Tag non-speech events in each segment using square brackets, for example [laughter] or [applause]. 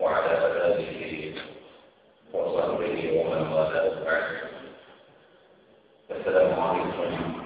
وصحبه ومن والاه بعد السلام عليكم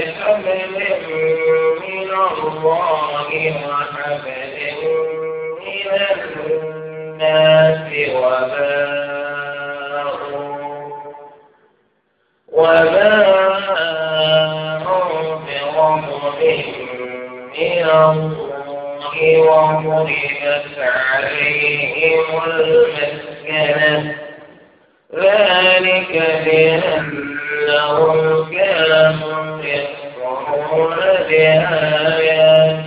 بحبل من الله وحبل من الناس وباء وباء بغضب من الله وضربت عليهم المسكنة ذلك بأنهم كانوا يكفرون بآيات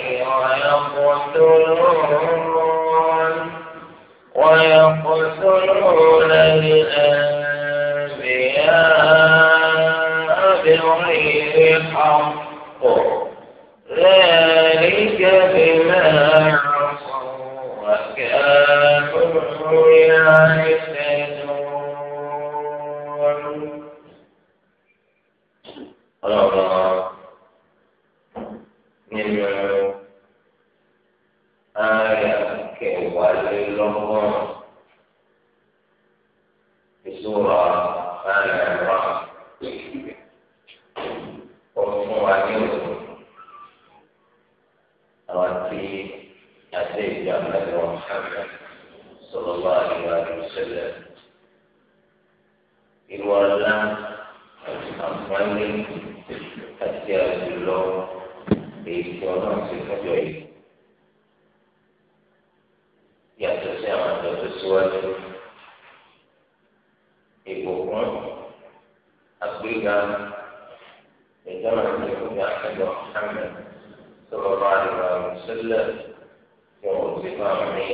الله ويقتلون ويقتلون الأنبياء بغير حق ذلك بما عصوا وكانوا يعتدون ọlọ́run nínú ààyè kẹwàálélọ́gbọ̀n ìṣúra ààyè àrà ọ̀fun wa ní òkú àwọn tí àti ìjọ àmàlẹ́ wọn hàmẹ́ sọ̀rọ̀ bá àdúrà ìṣẹ̀lẹ̀ ìwọ̀n ńlá àti àǹfààní àti àjùlọ èyí tí ọlọ́run ti fẹ́jọ yìí. Yàtọ̀ sí àwọn àjọ tó síwájú. Ìbùkún àgbéga ìjọba ti fún mi àtẹ̀jọ́ Mohammed sọ̀rọ̀ bá àdìgbà sílẹ̀ tí wọ́n ti bá mi.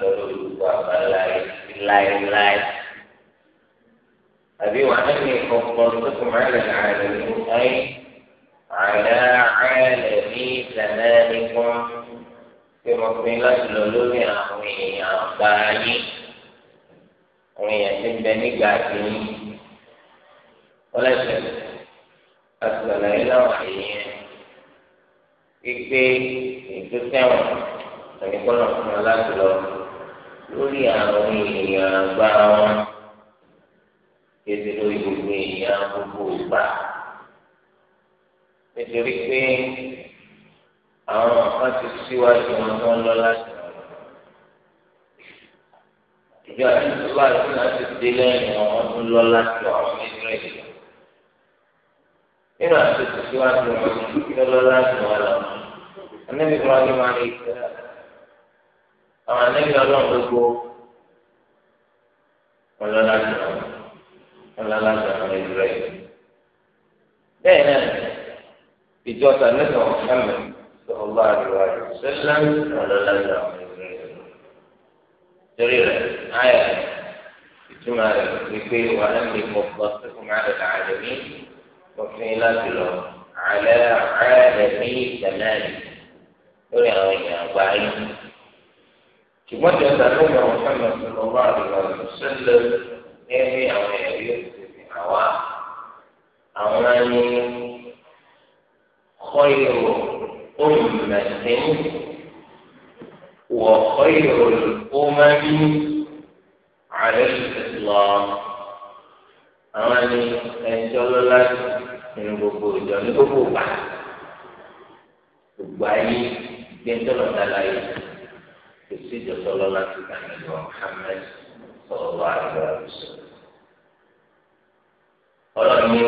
lọ lórí gbogbo àbáláyé láéláé. àbí wà á ní ìfọ̀kọ̀ tó kù máa lè ààrẹ ní ayé ààrẹ ààrẹ ní ìlànà nìkan tí mo fi láti lọ lórí àwọn èèyàn àbáyé àwọn èèyàn ti ń bẹ nígbà tí wọ́n lẹ́sẹ̀ láti lọ lórí àwọn èèyàn gbígbé ètò sẹ́wọ̀n náà fún wọn láti lọ lórí àwọn èèyàn àgbà wọn kéde lórí gbogbo èèyàn gbogbo ìgbà nítorí pé àwọn kan ti síwájú wọn tó ń lọ láti ìjọ àtúntò àti láti dé lẹ́yìn wọn tó ń lọ láti àwọn méjìlél nínú àtúntò síwájú wọn tó ń lọ láti wọn lọ. Ànábì àwọn anábì ọlọ́run gbogbo ọlọ́lá jùlọ ọlọ́lá jùlọ ìrẹ́ bẹ́ẹ̀ náà ìjọ sàlẹ́sọ̀ ọ̀sánmi sọ̀rọ̀ àdúrà sẹ́lẹ̀ ọlọ́lá jùlọ ìrẹ́ torí rẹ̀ ayẹ̀ ìtumọ̀ rẹ̀ wípé wà á lè mọ̀ bọ́ sẹ́kùn àrẹ̀ àdẹ̀mí òfin láti lọ àlẹ́ àrẹ̀ àdẹ̀mí ìtẹ̀lẹ́ lórí àwọn èèyàn àgbáyé ṣùgbọ́n tí ọ̀sán ló yọ ọ̀sán lọ sí ọba àdìgbà lọ sílẹ̀ ní àwọn ẹ̀rí òṣèlú àwa àwọn ẹni kọ́yọ̀ ọ̀mọ̀tẹ́ni wọ̀ kọ́yọ̀ ọ̀mọ̀mí àrẹ ìṣẹ̀lọ̀ àwọn ẹni ẹ̀jọ́ lọ́lá nínú gbogbo ìjọ ní gbogbo ìgbà gbogbo ayé gbẹ́ńtọ́ lọ́dá láyé kò sí ìjọsọlọ láti gbà nígbà Muhammad sọlọ àgbà àbùsọ. ọlọ́ni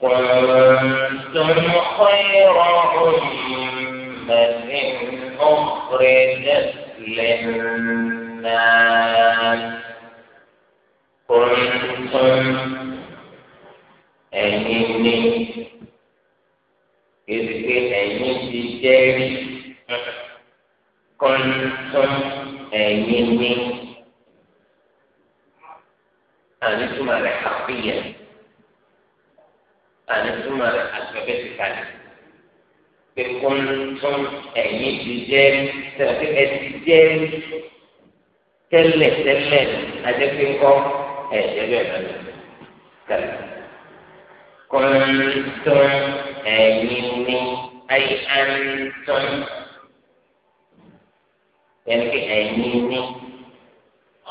كنتم خير أمة أخرجت للناس كنتم أنيني إذ أنيني جريت kọ́ńtún ẹ̀yìn ní ànítúmọ̀ rẹ̀ àfihàn ànítúmọ̀ rẹ̀ àtúbẹ̀tìkàlẹ̀ pé kọ́ńtún ẹ̀yìn ti jẹ́ tẹ̀lé ẹtì jẹ́ tẹ́lẹ̀ tẹ́lẹ̀ ajẹ́pẹ́kọ́ ẹ̀jẹ̀ bẹ̀rẹ̀ lọ́dún tẹ́lẹ̀ kọ́ńtún ẹ̀yìn ní ayé ànítún yẹn kí ẹ̀yin ní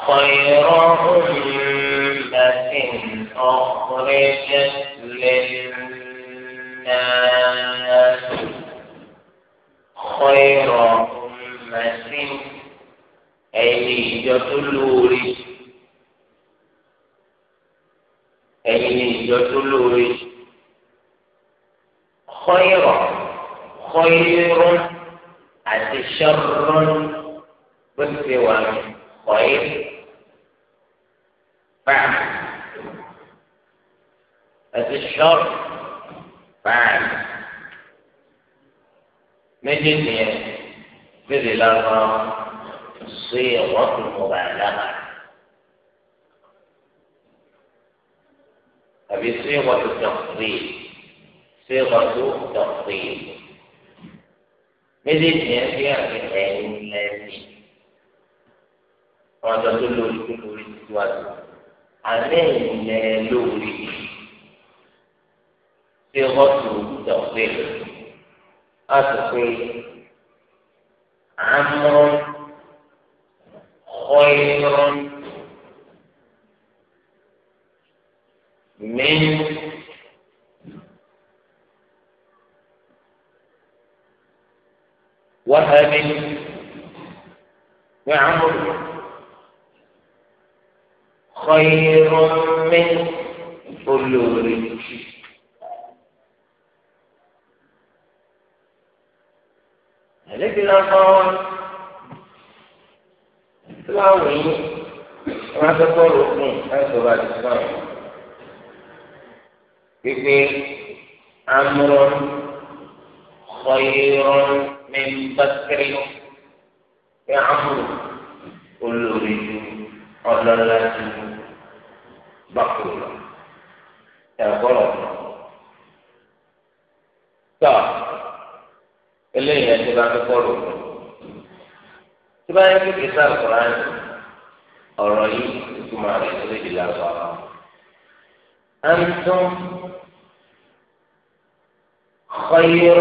خيرا أمة أخرجت للناس خير أمة أي جتلوري أي جتلوري خير خير أتشرن وسي وامي خير فعل أتي الشر فعل مجد في لها صيغة المبالغة أبي صيغة التفضيل صيغة التفضيل مجد فيها في العلم ọjọ́ tó lórí tó lórí síwájú àlẹ́ ìlẹ̀ lórí tí ọtú ìdọ̀gbé á sọ pé àmọ́ ọ̀yọ́ mẹ́nu. وهب وعمر khayrun min olóore jù. àlejò náà bá wọn tí wọn wò yín wọn á fẹ́ bọ́ọ̀lù fún ẹ̀sọ́ bá ti sàn. pípé amúrún khayrun min bákẹ́rì pé amúrún bákúrò lọ ẹ gbọ́dọ̀ lọ. tọ́ eléyìí ẹ ti bá tó bọ́ọ̀lù lọ. tí bá yẹ kí kìí sá àkùrán ọ̀rọ̀ yìí ìtumọ̀ rẹ̀ ló lè di lásán ọ̀rọ̀. أنتم خير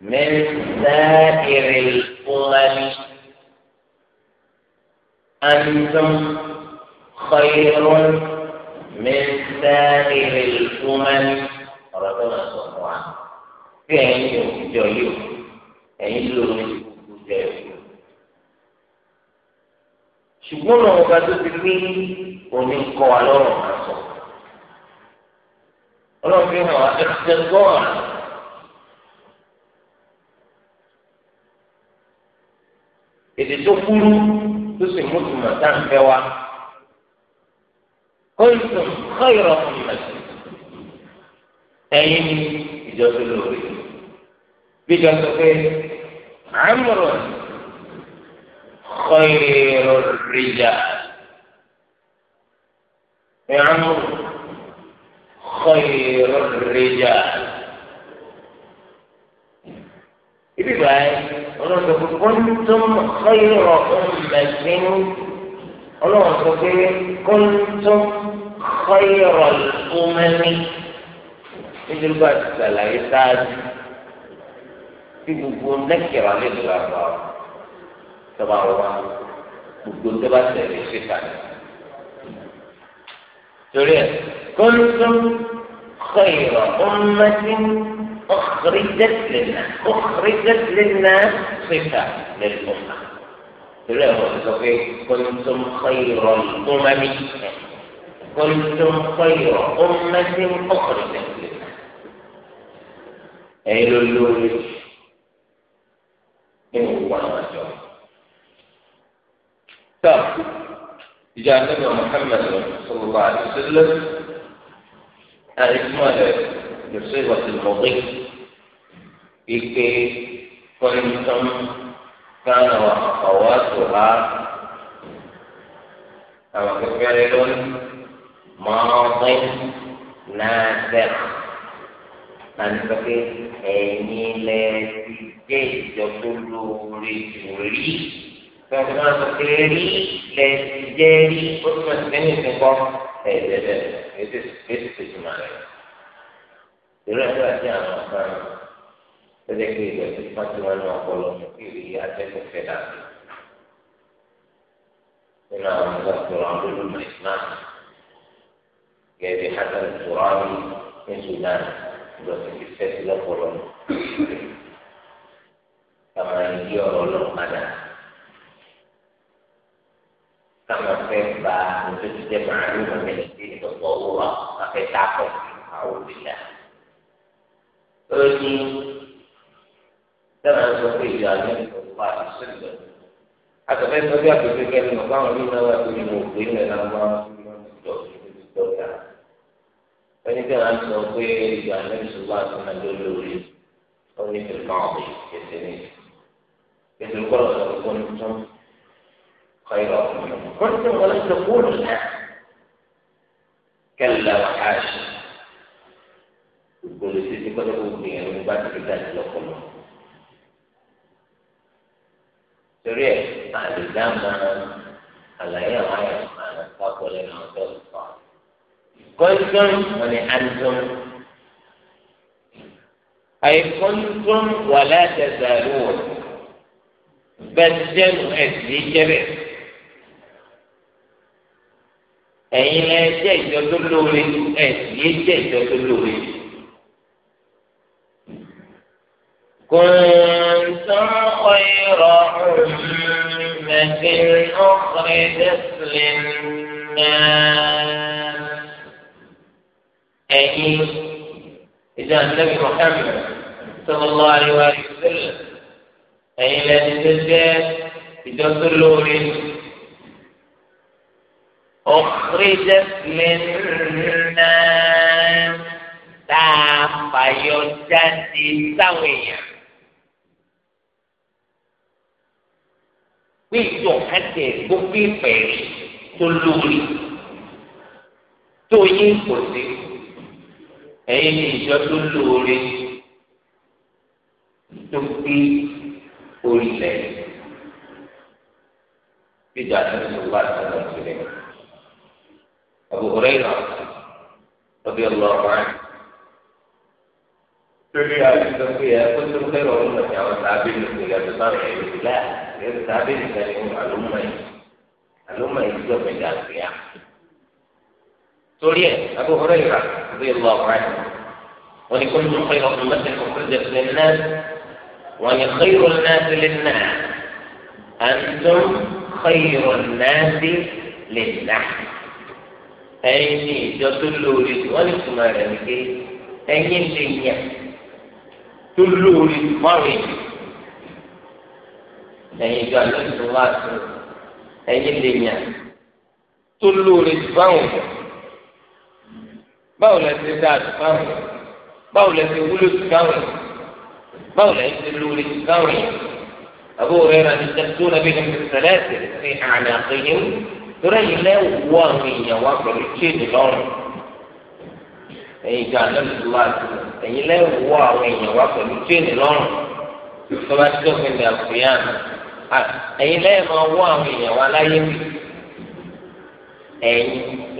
من سائر الأمم أنتم خير من سائر الأمم ربنا سبحانه في أين يوم ẹ̀yin ló ní gbogbo jẹ ìlú. ṣùgbọ́n náà ọba tó ti pín òní kọ́ wa lọ́rùn máa sọ. ọlọ́run fi hàn wá ẹ̀ṣẹ̀ gọ́ọ̀n. èdè tó kúrú tó sì mú tùmọ̀ ń fẹ́ wa kóńtò kọ́yọ̀rọ̀ ọ̀mọ̀lẹ́sẹ̀ ẹ̀yin ni ìjọ tó lóore bíjọ tó pé àmúrò kọ́yọ̀rọ̀ rìjà àmúrò kọ́yọ̀rọ̀ rìjà ibi báyìí ọlọ́run tó kọ́ kóńtò kọ́yọ̀rọ̀ ọ̀mọ̀lẹ́sẹ̀ tó pé خير الأمم مثل بعد السلام يساعد في بقول نكرة للغرب تبع الله بقول تبع سيري شكرا كنتم خير أمة أخرجت للناس أخرجت للناس صفة للأمة تريد كنتم خير الأمم كنتم خير أمة أخرجت للناس أي لولوج من هو الرجل طب جاء النبي محمد صلى الله عليه وسلم أعزمنا بصيغة المضي إيكي كنتم كان وأخواتها أما كفر لون mọ́ọ́dún náà bẹ̀rẹ̀ láti sọ pé ẹ̀yin lẹ ti jẹ́ ìjọ tó lóore jù rí fẹ́ẹ́ máa sọ pé rí lẹ ti jẹ́ rí ó túmọ̀ sí lẹ́yìn ìsìn kọ́ ẹ̀ẹ́dẹ̀ bẹ̀rẹ̀ ètò ètò ìjùmọ̀ rẹ̀ ìrọ̀ ẹ̀rọ àti àwọn ọ̀gá rẹ̀ tẹ́lẹ̀ pé ìgbà tí wọ́n ti wọn ní ọpọlọ ìrì atẹ́kọ̀ọ́fẹ́ dàbí nínú àwọn ọ̀gá tó rọ̀ ọdún lọ́mọ ìsìláàmù. كابي حسن الترابي من سودان بس في السيس لا قرون كما يجيو لو أنا كما كيف با نتجد معلومة من الدين بالضرورة فكي تعقل أعوذ بالله ولكن كما نتجد جانب الله سلم حتى فإن نبيع في كلمة الله ومن الله ومن الله ومن الله ẹni tí wọn sọ pé ìgbà níbi ṣùgbọ́n àti náà ló lórí ó ní fi máa bí ètè ní ètò ìkọlọ̀ lọ́wọ́ tó ń tún خير كنت ولم تقول الآن كلا وحاشا يقول سيدي قد أبني أن يبات في ذات لقمة سوريا بعد الزمن على يا غاية سبحانه تقول لنا قلتم ولأنتم أي كنتم ولا تزالون بدل أزيجر أي لا يجد تبلوري أزيجر تبلوري كنتم خير أمة أخرجت للناس ẹ̀yin ìjà nàbì Muhammad sallallahu alaihi wa sallam ẹ̀yin lẹni tó jẹ́ ìjọsọ lórí ọ̀kúrẹ́jẹ́ lẹ́nà tá a fàyọ jáde sáwọn èèyàn. pé ìjọ kẹtẹ gbogbo ìpẹ̀rẹ̀ tó lórí tó yín kò sí ẹ̀yin ní ìjọ tó lóore tó gbé orílẹ̀ bíjà tó ń sọ wá sí ọ̀nà ìṣẹ̀lẹ̀ Abu Hurairah ọbẹ̀ ọlọ́ọ̀bá lórí àdúgbò pé ẹ kó tó kẹrọ ọdún lọ sí àwọn sábẹ́ nìkan yàtọ̀ sáwọn ẹ̀yọ́ ìlà yàtọ̀ sábẹ́ nìkan ni àlùmọ̀ yìí àlùmọ̀ yìí jọ̀bẹ̀dà sí àná. سوريا أبو هريرة رضي الله عنه ولكل خير أمة أخرجت للناس ولخير الناس للناس أنتم خير الناس لله أيني جتلوري ولكم أرنك أيني الدنيا تلوري مري أيني جعلت الله أيني الدنيا تلوري فوق báwo lẹ ti dáa tó fáwọn yìí báwo lẹ ti wúlò tó fáwọn yìí báwo lẹ ti lóore tó fáwọn yìí àbí òré rà ní tẹ̀síwò nàbí ní sẹlẹ̀sì ní àná àkèyé torí ẹ̀yin lẹ́ wọ àwọn èèyàn wá pẹ̀lú chéèdì lọ́rùn ẹ̀yin ìjọ ànábìsíwá ẹ̀yin lẹ́ wọ àwọn èèyàn wá pẹ̀lú chéèdì lọ́rùn tọ́ba tí ó fi ní àfihàn ẹ̀yin lẹ́yìn máa wọ àwọn èèyàn wá láyé ẹ̀yin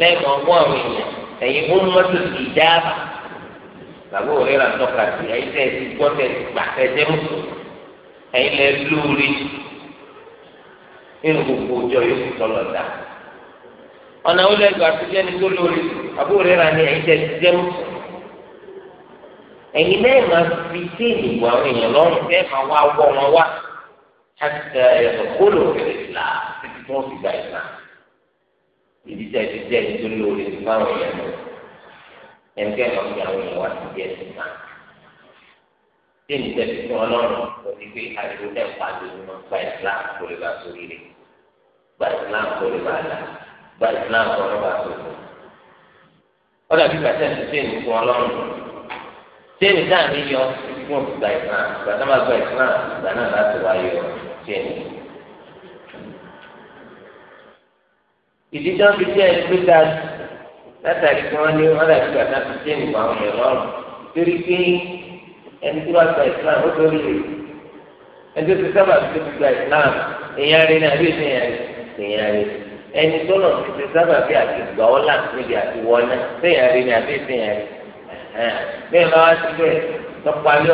lẹ́yìn máa wọ àwọn èèyàn ẹ̀yin ó mọ́tò ìjáàbà làbó òrìrà tọ́ka sí ẹ̀yin tẹ̀ ti gbọ́ tẹ̀ gbà tẹ̀ jẹ́ mọ́tò ẹ̀yin lẹ lóore nínú gbogbo ọjọ́ yóò fi tọ́lọ̀ dá ọ̀nà ó lẹ́gbàá àtijọ́ ni tó lóore àbó òrìrà ni ẹ̀yin tẹ̀ ti jẹ́ mọ́tò ẹ̀yin náà máa fi déèlì wọ àwọn èèyàn lọ́rùn tẹ́ máa wá wọ́ wọn wá àti ẹ̀sọ̀ kólò ìlà títí tí wọ́n fi gba ìlànà ìdíjà ìdíjà nítorí olè ti fáwọn èèyàn lọ ẹnikẹ́ni ọ̀gbìn àwọn èèyàn wá sí díẹ̀ sí náà tí èmi tẹ̀sí fún ọlọ́run kò ní pé àdúgbò náà ń pàdé nínú gba ìsìláàmù kó lè bá sórí rẹ̀ gba ìsìláàmù kó lè bá là gba ìsìláàmù kó lè bá sórí rẹ̀ ọ̀dà bí bàtà ti tẹ̀ ní fún ọlọ́run tí èmi náà ní fún òkúta ìsìláàmù gbàdá gba ìsìláàmù ìdíjọ́ fi jẹ́ ẹni pé dáa látàrí kí wọ́n ní wọ́n dàbí gbàtà fi jẹ́ ìgbà àwọn ọ̀rẹ́ lọ́rùn torí pé ẹni tí wọ́n gba Islam ó tó rí ẹni tó ti sábà tó ti gba Islam èèyàn rí ní àbí èèyàn rí èèyàn rí ẹni tó lọ sí ti sábà bí àti gbà ọ́ là níbi àti wọlé èèyàn rí ní àbí èèyàn rí bẹ́ẹ̀ bá wá sí bẹ́ẹ̀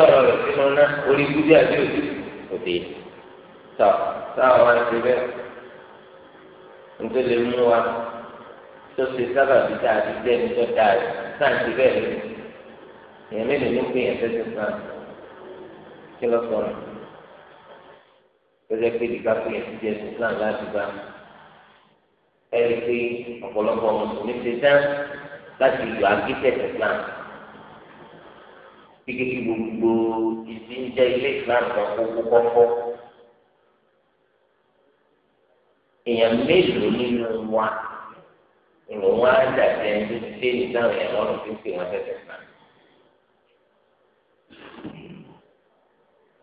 ọ̀rọ̀ rẹ̀ sínú náà orí gúdí àbí òdì òdì tọ́ sáà wá sí nítorí lè mú wa tó ṣe sábà bí tá a ti dé ní tó dáa rẹ̀ náà ti bẹ́ẹ̀ lé èèyàn mélòó ní pé èèyàn tẹ́tí sáà kí ló sọ rẹ̀ tẹ́tẹ́ pé ìdìgbà pé èèyàn ti jẹ́ Islam láti bá ẹ̀rí pé ọ̀pọ̀lọpọ̀ mùsùlùmí ti dán láti ìlú àgísẹ̀ Islam kíkékí gbogbo ìdíjẹ́ ilé Islam kan kó kó kọ́kọ́. èèyàn mélòó nínú wa ìlú wọn á dàbí ẹni tó ti dé nígbàwọn èèyàn lọ́rùn tó ń pè wọn tẹ̀sẹ̀ náà.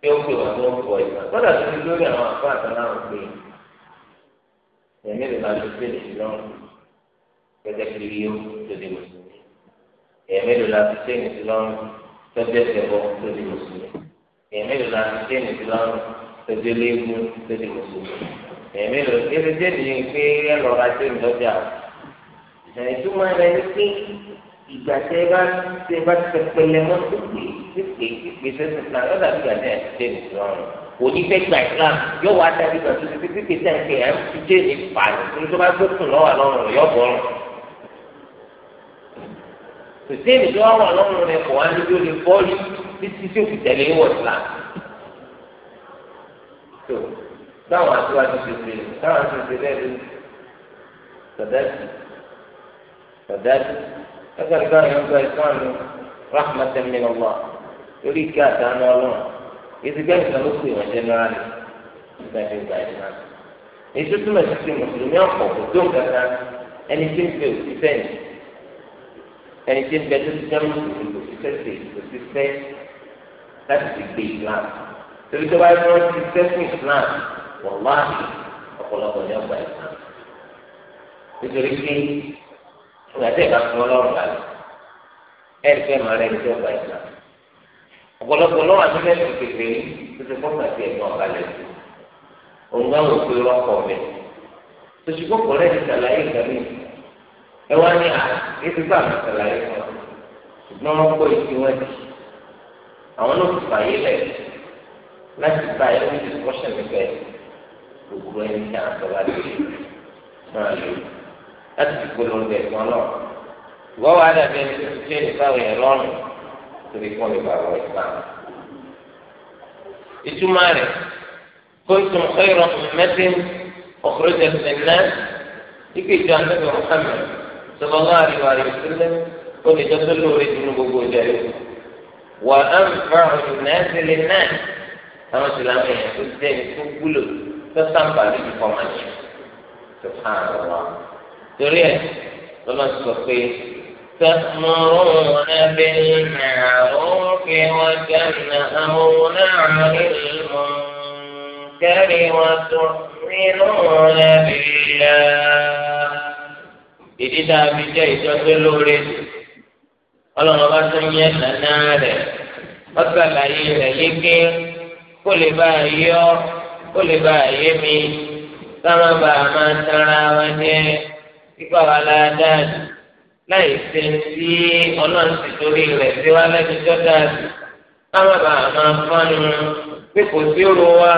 bí ó pè wọn tó ń bọ̀ ìgbà gbọ́dọ̀ tó ti lórí àwọn àfọ àtàláwọn pé èèyàn mélòó náà ló pè lèṣin lọ́rùn gẹ́gẹ́ bí yíyó tó di mùsùlùmí èèyàn mélòó náà ti pè lèṣin lọ́rùn tó dé ẹsẹ̀ tó di mùsùlùmí èèyàn mélòó náà ti pè lèṣin lọ́rùn tó dé tó di mùsùlùmí èmi lò kéde débi pé ẹ lọ ra jẹ́ lọ́jà o ìtumọ̀ rẹ̀ ni pé ìgbà tẹ bá tẹ bá tẹpẹlẹ mọ́ pípé pípé pípé sẹ́sẹ̀ náà lọ́dà bí gàdá ẹ̀ ṣe nìkan kò ní fẹ́ gba islam yóò wá dábí gbà tó ti fi pípé tẹ̀ ń pè ẹ̀ fi jẹ́ ní pààyàn torí tó bá gbé kùn lọ́wọ́ lọ́rùn yóò bọ̀ ọ́rùn tòsíìnì tó wà lọ́rùn rẹ̀ kò wá níbi ó lè bọ́ọ̀lù títí tí òkùtẹ̀lẹ̀ wọ̀ islam táwọn aṣíwájú ti fi táwọn ti fi lẹ́ẹ̀lú sọ̀dáàtì sọ̀dáàtì ẹgbẹ̀rún kan yóò gba ìsọ́ọ̀n ní rahmatan min Allah lórí ìké àtàánú ọlọ́run ìdígbẹ́ ìsọ̀ ló pè wọ́n jẹ́nẹ́rálì ìgbàdé ìgbà ìsìlá èso túmọ̀ sí ti mùsùlùmí ọ̀pọ̀ kò tó nǹkan ẹni tí ń bẹ òṣìṣẹ́ ni ẹni tí ń bẹ tó ti jẹ́ mùsùlùmí òṣìṣẹ́ sí òṣìṣẹ́ láti ti gbé ìlànà torí tó bá yẹ kí wọ́n ti sẹ́kùn ìlànà wàláhì ọ̀pọ̀lọpọ̀ ní ọgbà ìsàn nítorí pé ìgbà tí fún ọlọ́run balẹ̀ ẹ̀ ń fẹ́ máa rẹ̀ ní ọgbà ìsàn ọ̀pọ̀lọpọ̀ lọ́wọ́ àti kékeré tó ti fọ́nà sí ẹ̀gbọ́n balẹ̀ sí òun wò pé rọ́pọ̀ mi tòṣìkò kọ̀ rẹ̀ ti sàlàyé ẹ wá ní láti gbogbo ẹni tí a ń sọ bá lè máa lò láti fi polongo ẹ̀gbọ́n náà ìwọ́ wa dàbí ẹni tó ti ṣe ìfáwọ̀ yẹn lọ́rùn torí kí wọ́n lè bá wọ ìgbà. ìtumọ̀ rẹ̀ kuntum khayra ummatin ukhrijat lin-nas ike ìjọ anábì Muhammad sallallahu alaihi wa sallam ó lè jọ tó lóore dunu gbogbo ìjà yòókù wa anfa'u an-nas lin-nas àwọn ìsìlámù yẹn tó ti dẹ́ni tó wúlò sọ́sàǹfà ní ìfọ̀ máa yẹ sọ́sàn àlọ́ torí ẹ̀ lọ́nà sọ pé تأمرون بالمعروف وتنهون عن المنكر وتؤمنون بالله ìdí tá a fi jẹ́ ìjọsìn lóore ọlọ́run bá tún yẹ nàná rẹ̀ ọ̀sàlàyé rẹ̀ yéké kó lè bá a yọ ó lè ba àyè mi sábà bá a máa tẹ́ra wọn jẹ́ kíkọ́ wa ládàá láì ṣe sí ọlọ́run ti torí rẹ̀ sí wa lẹ́nu jọ́dá sábà bá a máa fọ́nù pé kò sí ro wa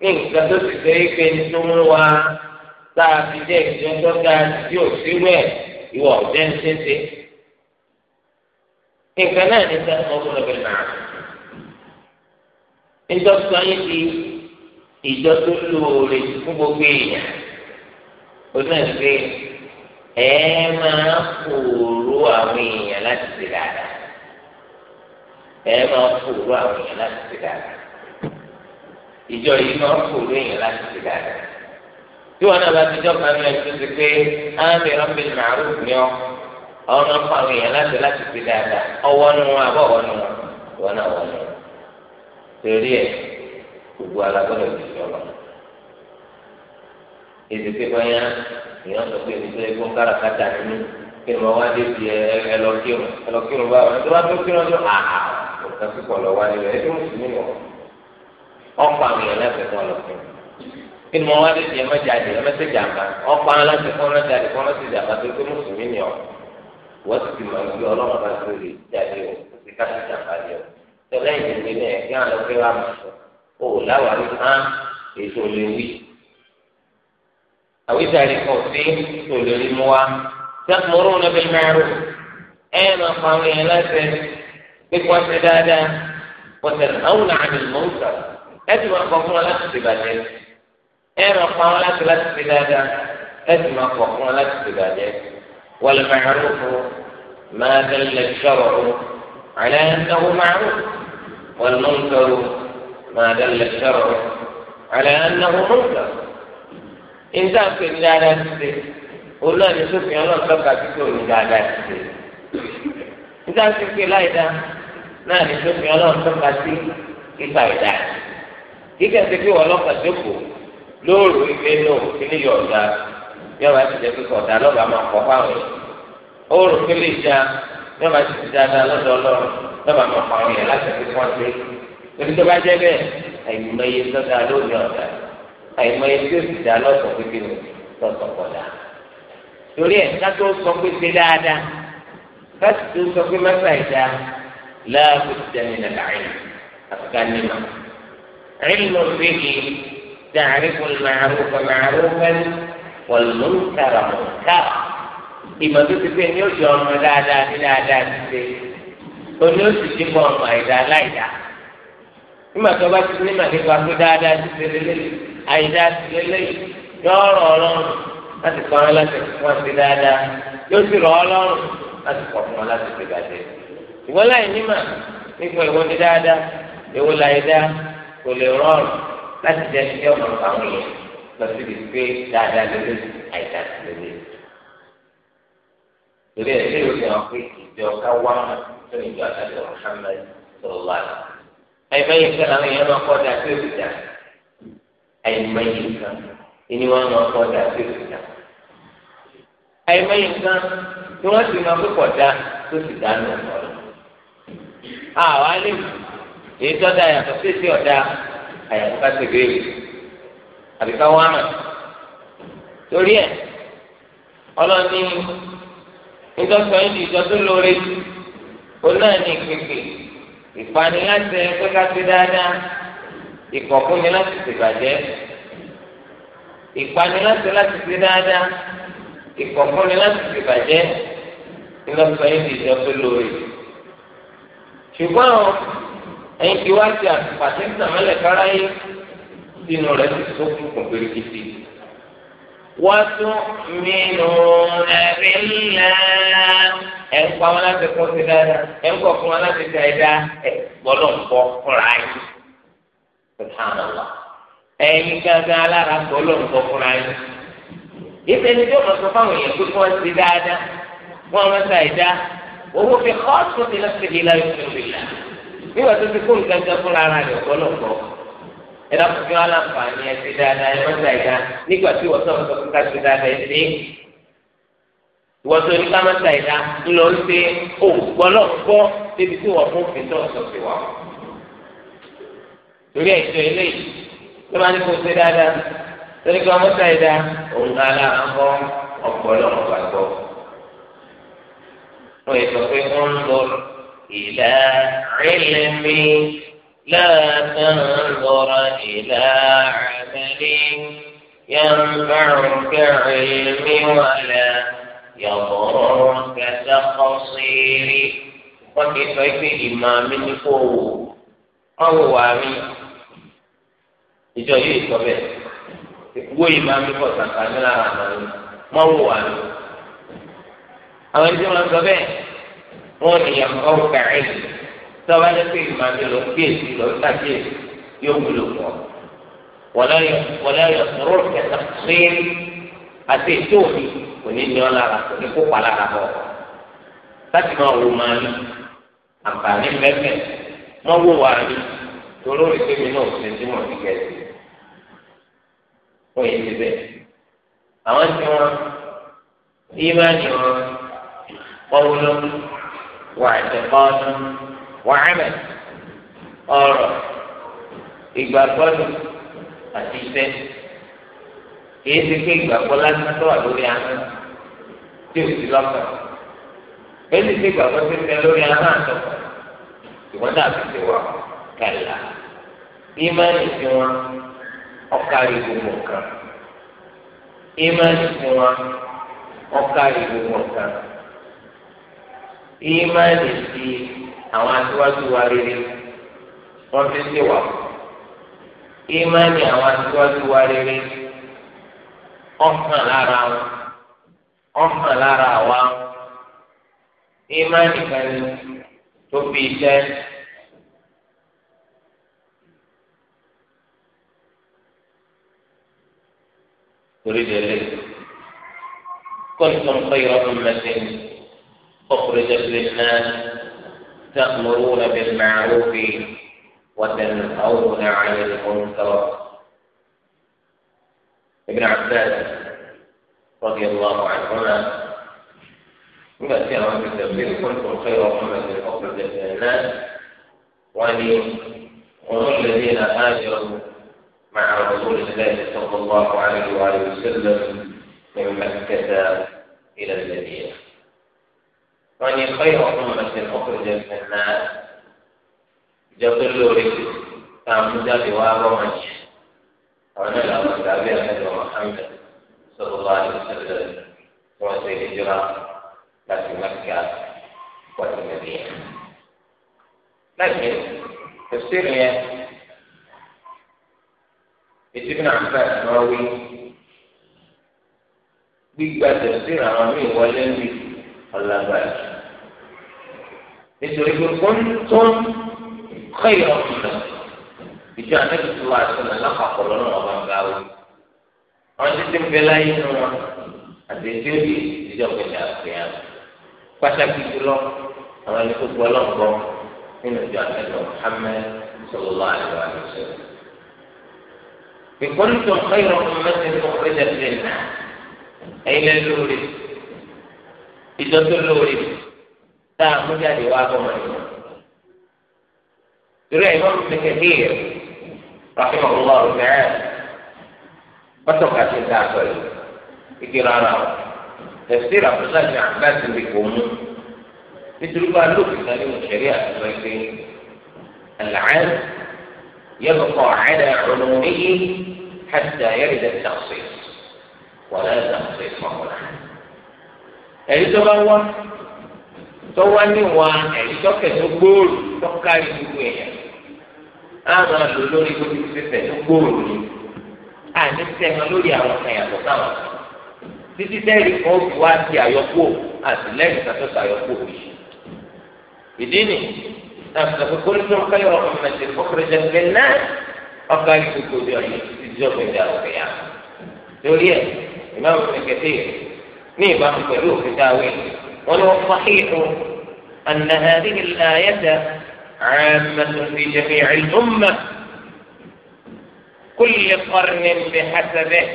ní nǹkan tó ti ṣe é pé ń tún wa tá a fi jẹ́ ìjọ́jọ́ dá tí ò sí rẹ̀ ìwọ ọ̀jẹ́ ń ṣe ṣe. nǹkan náà ní sẹ́kọ̀ọ́ gbọ́dọ̀ bẹ̀rẹ̀ náà. ń dọ́kítọ̀ yín ti ìjọ tó lóore fún gbogbo èèyàn ó náà pé ẹ máa fòrò àwọn èèyàn láti ṣe dáadáa ẹ máa fòrò àwọn èèyàn láti ṣe dáadáa ìjọ yìí máa fòrò èèyàn láti ṣe dáadáa tí wọn náà bá ti jọ kan náà tó ti pé ámì rọmbi màrú ni ọ àwọn máa fọ àwọn èèyàn láti láti ṣe dáadáa ọwọ́ nu wọn àbọ̀ nu wọn wọn náà wọ́n nu torí ẹ̀ gbogbo alágbọ́dọ̀ ti fi ọ̀rọ̀ èdè pé báyà èèyàn sọ pé ènìyàn ẹgbẹ́ káràkátà nínú kí ni wọ́n wá dé di ẹlọ́kírun ẹlọ́kírun bá wọn tó wá tó kírun tó àhà nǹkan púpọ̀ lọ wá nílẹ̀ ẹgbẹ́ mùsùlùmí wọn ọ̀pọ̀ àwọn èèyàn láti fún ọlọ́kírun kí ni wọ́n wá dé di ẹmẹ́jáde ẹmẹ́sẹ̀jàmbá ọ̀pọ̀ àwọn láti fún ọlọ́jáde fún ọlọ́sẹ̀jàmbá tó tó mùsùlùmí ni ọ wọ́n ti ti máa ń gbé ọlọ́run bá tó lè jáde o ti ká ó láwàá wí hàn ètò lè wí àwíjàre kan sí ètò lè rí mu wá sẹ́kùnmọ́rún náà bẹ́ẹ̀ mẹ́rù ẹ̀ máa pa àwọn èèyàn láti pípa ṣe dáadáa wọ́n tẹ̀lé àwọn náà àmì mọ́tà ẹ̀ ti máa kọ́ fún wọn láti ṣe bàjẹ́ ẹ̀ máa pa wọn láti láti ṣe dáadáa ẹ̀ ti máa kọ́ fún wọn láti ṣe bàjẹ́ wọ́n mẹ́rù fún ما دل الشرع على أنه معروف والمنكر ما دل الشرع على أنه منكر إنسان في الجالات òun náà ní sófin ọlọ́run tọ́ka sí pé òun dáadáa ti ṣe. nígbà tí pé láìda náà ní sófin ọlọ́run tọ́ka sí ipa ìdá. kíkẹ́ ti pé ọlọ́kà jókòó lóòrò ìgbé náà kílé yọ ọ̀dà yọba ti jẹ́ pípọ̀ ọ̀dà lọ́ba máa kọ́ fáwọn yẹn. òòrò kílé ìjà yọba ti ti dáadáa lọ́dọ̀ ọlọ́run lọ́ba máa kọ́ àwọn yẹn láti fi pọ́n sí torí tó bá jẹ́ bẹ́ẹ̀ àìmọye sọ́dà lónìí ọ̀dà àìmọye tí ó sì dá lọ́sọ̀ pé kí ni lọ́sọ̀ kọ̀dà torí ẹ̀ ká tó sọ pé ṣe dáadáa ká sì tó sọ pé má ṣàì dá láàbù ìjẹni nàlàyé àfikà nímà ìlú fìhì dàrífù màrúfà màrúfà wàlúùkàrà mùkàrà ìmọ̀ tó ti pé ní oṣù ọmọ dáadáa ní dáadáa ti ṣe oní oṣù tí mo nígbà tó bá ti ní màdìgbà tó dáadáa ti ṣe lélẹ́yìí àyídá ti lélẹ́yìí yóò rọ̀ ọlọ́run láti pa wọn láti fún wọn ṣe dáadáa yóò sì rọ̀ ọlọ́run láti pọ̀ fún wọn láti ṣe bàjẹ́. ìwọ láì nímà nípa ìwọ ní dáadáa ìwọ láì dá kò lè rọrùn láti jẹ ní ọmọ àwọn èèyàn lọ sí ibi pé dáadáa lélẹ́yìí àyídá ti lélẹ́yìí. torí ẹ̀ ṣé ìjọ káwá tó ìjọ àtàlẹ́ Muhammad àìmọye nǹkan làwọn èèyàn máa kọ́ da sí òkúta àìmọye nǹkan ìní wọn máa kọ́ da sí òkúta àìmọye nǹkan tí wọ́n sì máa pípọ̀ da tó sì dá nù ọ̀rọ̀ àwọn alẹ́ èyí tó da yàtọ̀ sí èsì ọ̀dà àyàtọ̀ ká ṣe béèrè àbí ká wá mà torí ẹ̀ ọlọ́ni ìjọsọ yìí di ìjọ òun náà ní ìpínpín ìpanilásẹ pé ká fi dáadáa ìkọ̀kúnni láti ṣèbàjẹ́ ìpanilásẹ láti fi dáadáa ìkọ̀kúnni láti ṣèbàjẹ́ ìlọsọ yìí di ìjọ tó lórí ṣùgbọ́n ẹ̀yin tí wá ti àtìpàtì ń tàmẹ́lẹ̀ kára yìí sínú rẹ̀ ti tó kú kò périkìtì. wọ́n tún mí nù ẹ̀rí ńlá ẹ̀ ń pa wọn láti kún sí dáadáa ẹ̀ ń kọ̀ fún wọn láti ta ẹ̀dá ẹ̀ gbọ́dọ̀ ń bọ́ fúnra yín subhanallah ẹ̀yin gángan alára gbọ́dọ̀ ń bọ́ fúnra yín ìfẹ́ ni yóò sọ fáwọn èèyàn pé wọ́n ti dáadáa wọ́n wọ́n ta ẹ̀dá owó fi kọ́ tó ti lọ́sẹ̀ yìí láyé fún mi là nígbà tó ti kó nǹkan jẹ fúnra rẹ̀ gbọ́dọ̀ ń bọ́ ẹ̀dá fún mi wọn láǹfààní ẹ̀ ti dáadáa ẹ̀ wọ́n ta ẹ̀dá nígbà tí wọ́n sọ̀rọ̀ wọ́n tó ní kámẹ́ta ìdá ńlọ ń pé ògbọ́ náà gbọ́ débi tí wọ́n fún fi tọ́sọ̀ sí wa. torí ẹ̀sọ́ eléyìí tó bá ní kó ṣe dáadáa torí kámẹ́ta ìdá òun ara ń bọ́ ọ̀pọ̀lọpọ̀ àgbọ̀. wọ́n yẹ sọ pé wọ́n ń lọ ìlà ẹlẹ́mí láàtàn lọ́ra ìlà àmẹ́lí yẹn ń bá òun kẹ́rin mi wà lẹ́yìn. يضرك تقصيري wọ́n ti sọ pé ìmàmí ní kò wò wọ́n wò wá rí ìjọ yìí sọ bẹ́ẹ̀ wo ìmàmí pọ̀ sàkà ní lára àmàlú wọ́n wò wá rí àwọn ẹni tí wọ́n sọ bẹ́ẹ̀ wọ́n ní ẹ̀kọ́ kẹrin sọ́wọ́ ẹni pé ìmàmí lọ kíyèsí lọ sàkíyèsí yóò wúlò fún ọ. wọ́n lẹ́yìn wọ́n lẹ́yìn rúkẹ́ sàkíyèsí àti ètò òní kò ní ní ọ lára kò ní kópa lára bọ̀ láti máa wò máa ní àǹfààní mẹ́fẹ̀ẹ́ wọ́n wò wá ní torí òrìṣẹ́ mi náà ṣe tí wọ́n ti kẹ́sì wọ́n yìí ti bẹ́ẹ̀ àwọn tí wọ́n ìmánì wọn kọ́wúlọ́ wà ìtẹ̀kọ́ọ́nù wà ẹ̀mẹ̀ ọ̀rọ̀ ìgbàgbọ́dù àti iṣẹ́ kìí ṣe pé ìgbàgbọ́ lásán tó wà lórí ahọ́n tí ò sí lọ́kàn bẹ́ẹ̀ni ṣe ìgbàgbọ́ tó tẹ lórí ahọ́n àtọ́kọ̀ ìwọ́n dàbí ti wà kẹlà ìmánì tí wọn ọ̀kárí gbogbo nǹkan ìmánì tí wọn ọ̀kárí gbogbo nǹkan ìmánì tí àwọn aṣíwájú wa rere wọ́n fi ṣèwà ìmánì àwọn aṣíwájú wa rere. ọ̀hàn lára wọn ọ̀hàn lára wa ìmánì kan ní tó fi iṣẹ́ torí délé كنتم خير أمة أخرجت للناس تأمرون بالمعروف وتنهون عن المنكر ابن عباس رضي الله عنهما ما في التبليغ كنتم خير أمة أخرجت للناس واني هم الذين هاجروا مع رسول الله صلى الله عليه وآله وسلم من مكة إلى المدينة واني خير أمة أخرجت للناس جبل رجل فأمجد وابا مجد وانا لا متابع النبي محمد صلى الله عليه وسلم وفي الهجرة لكن مكة والمدينة لكن تفسيرها ابن عباس راوي gbígba tẹ̀síra àwọn míì wọlé ń bi ọ̀làgbàjì nítorí pé kóńtó ń kọ́ ìrọ̀kùnrin. ìjọ anábìtì wa sọlá lápapọ̀ lọ́nà ọba ń báwí wọn ti ti ń bẹ láyé nínú wọn àti tí ó di ìdíjọ pẹ̀lú àfihàn pàtàkì jùlọ àwọn ẹni tó gbọ́ lọ́gbọ́ nínú ìjọ anábìtì Muhammad sọlọ́lá àdìwà àdìsẹ́. ìkọ́nìtò ọ̀kẹ́yọ̀ ọ̀mẹ́sẹ̀ ní ọ̀kẹ́jà ti rìn náà ẹ̀yin lẹ́ lóore ìjọ tó lóore táà mú jáde wá bọ́ mọ́ ìmọ̀. ìrẹ́ ìmọ̀ mi kékeré رحمه الله تعالى وتوقع تنتهى سؤال إقرارا تفسير أبو الله بن عباس بكم مثل ما لو في تعليم الشريعة العام يبقى على عمومه حتى يرد التخصيص ولا تخصيص هنا èyí tó bá wá tó wá níwá èyí tó kẹsàn-án gbòòrò tó kárí gbogbo èèyàn àwọn àlò lórí gbogbo ìfẹ́fẹ́ tó gbòòrò ni àní sẹ́yìn lórí àwọn kan yàtọ̀ sáwọn títí sẹ́yìn kan ó fi wá di àyọkú àtìlẹ́yìn kan tó sàyọkú òbí ìdí ni àtàkùn kólítọ́ káyọ̀ ọ̀mẹ̀tẹ̀ fọ́kùrẹ́jẹ̀ ńlẹ̀ náà ọkọ̀ ìgbòkò di ọ̀yẹ́ títí jọ́pẹ̀ dà ọ̀kẹ́ yá torí ẹ̀ ìmáàmù kẹ̀kẹ́ ní ìbámu pẹ̀lú òfin dáwé wọn ni wọ́n fọ́ عامة في جميع الأمة كل قرن بحسبه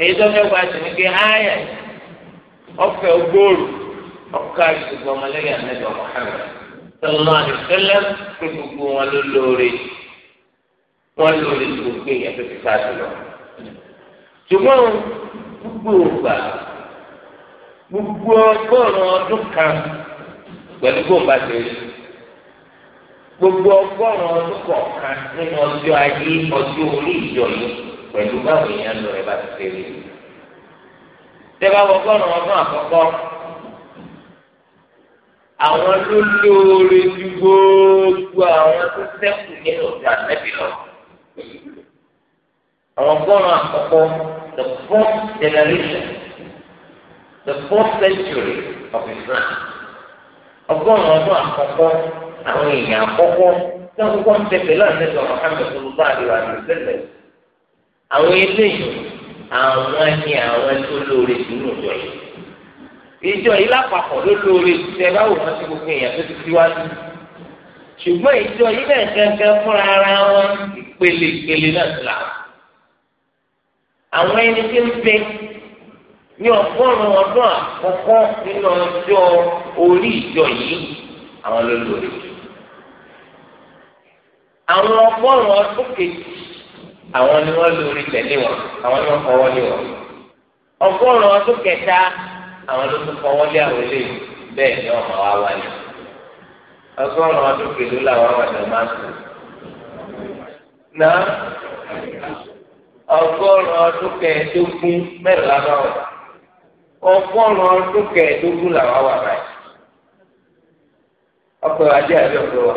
إذا لو أتنك آية أوكي أقول أوكي أقول ملايا النبي محمد صلى الله عليه وسلم كتبه ولولوري ولولي الكوفية في كتابه ṣùgbọ́n gbogbo ògbà gbogbo ọgọ́rùn-ún ọdún kan pẹ̀lú gbòǹbà tẹ̀lé. gbogbo ọgọ́rùn ọdún kọ̀ọ̀kan nínú ọjọ́ ayé ọjọ́ orí ìjọ yìí pẹ̀lú báwọn èèyàn lọ rẹ bá ti fẹ́ rí i. tẹ́lá ọgọ́rùn ọdún àkọ́kọ́ àwọn ló lóore ju gbogbo àwọn tó ṣẹ́kù nínú ọjọ́ àlẹ́bí lọ. àwọn ọgọ́rùn àkọ́kọ́ the fourth generation the fourth century of Islam ọgọ́rùn ọdún àkọ́kọ́ àwọn èèyàn àkọ́kọ́ tí wọ́n kọ́kọ́ ń tẹ̀lé lọ́nà nípa Muhammad olùkọ́ àdìrà àdìrà sẹ́lẹ̀ àwọn eléyìí àwọn ni àwọn tó lóore jù ní ìjọ yìí ìjọ yìí lápapọ̀ ló lóore jù tẹ báwo wọn ti gbogbo èèyàn tó ti síwájú ṣùgbọ́n ìjọ yìí náà gángan fúnra ara wọn ìpele ìpele náà ti là àwọn ẹni tí ń bẹ ní ọgọ́rùn-ún ọdún àkọ́kọ́ nínú ọjọ́ orí ìjọ yìí àwọn ló lóore àwọn ọgọ́rùn-ún ọdún kejì àwọn ni wọ́n lórí tẹ̀lé wọn àwọn ni wọ́n fọwọ́ lé wọn ọgọ́rùn-ún ọdún kẹta àwọn ló tún fọwọ́ lé àwọn eléyìí bẹ́ẹ̀ ni ọmọ wa wáyé ọgọ́rùn-ún ọdún kejì làwọn ọmọdé máa ń sùn náà ọgọ́rùn-ún ọdún kẹẹ̀ẹ́dógún mẹ́rìnlá náà wà ọgọ́rùn-ún ọdún làwọn wà báyìí ọkọ̀ ajé àbí ọ̀dọ́ wa.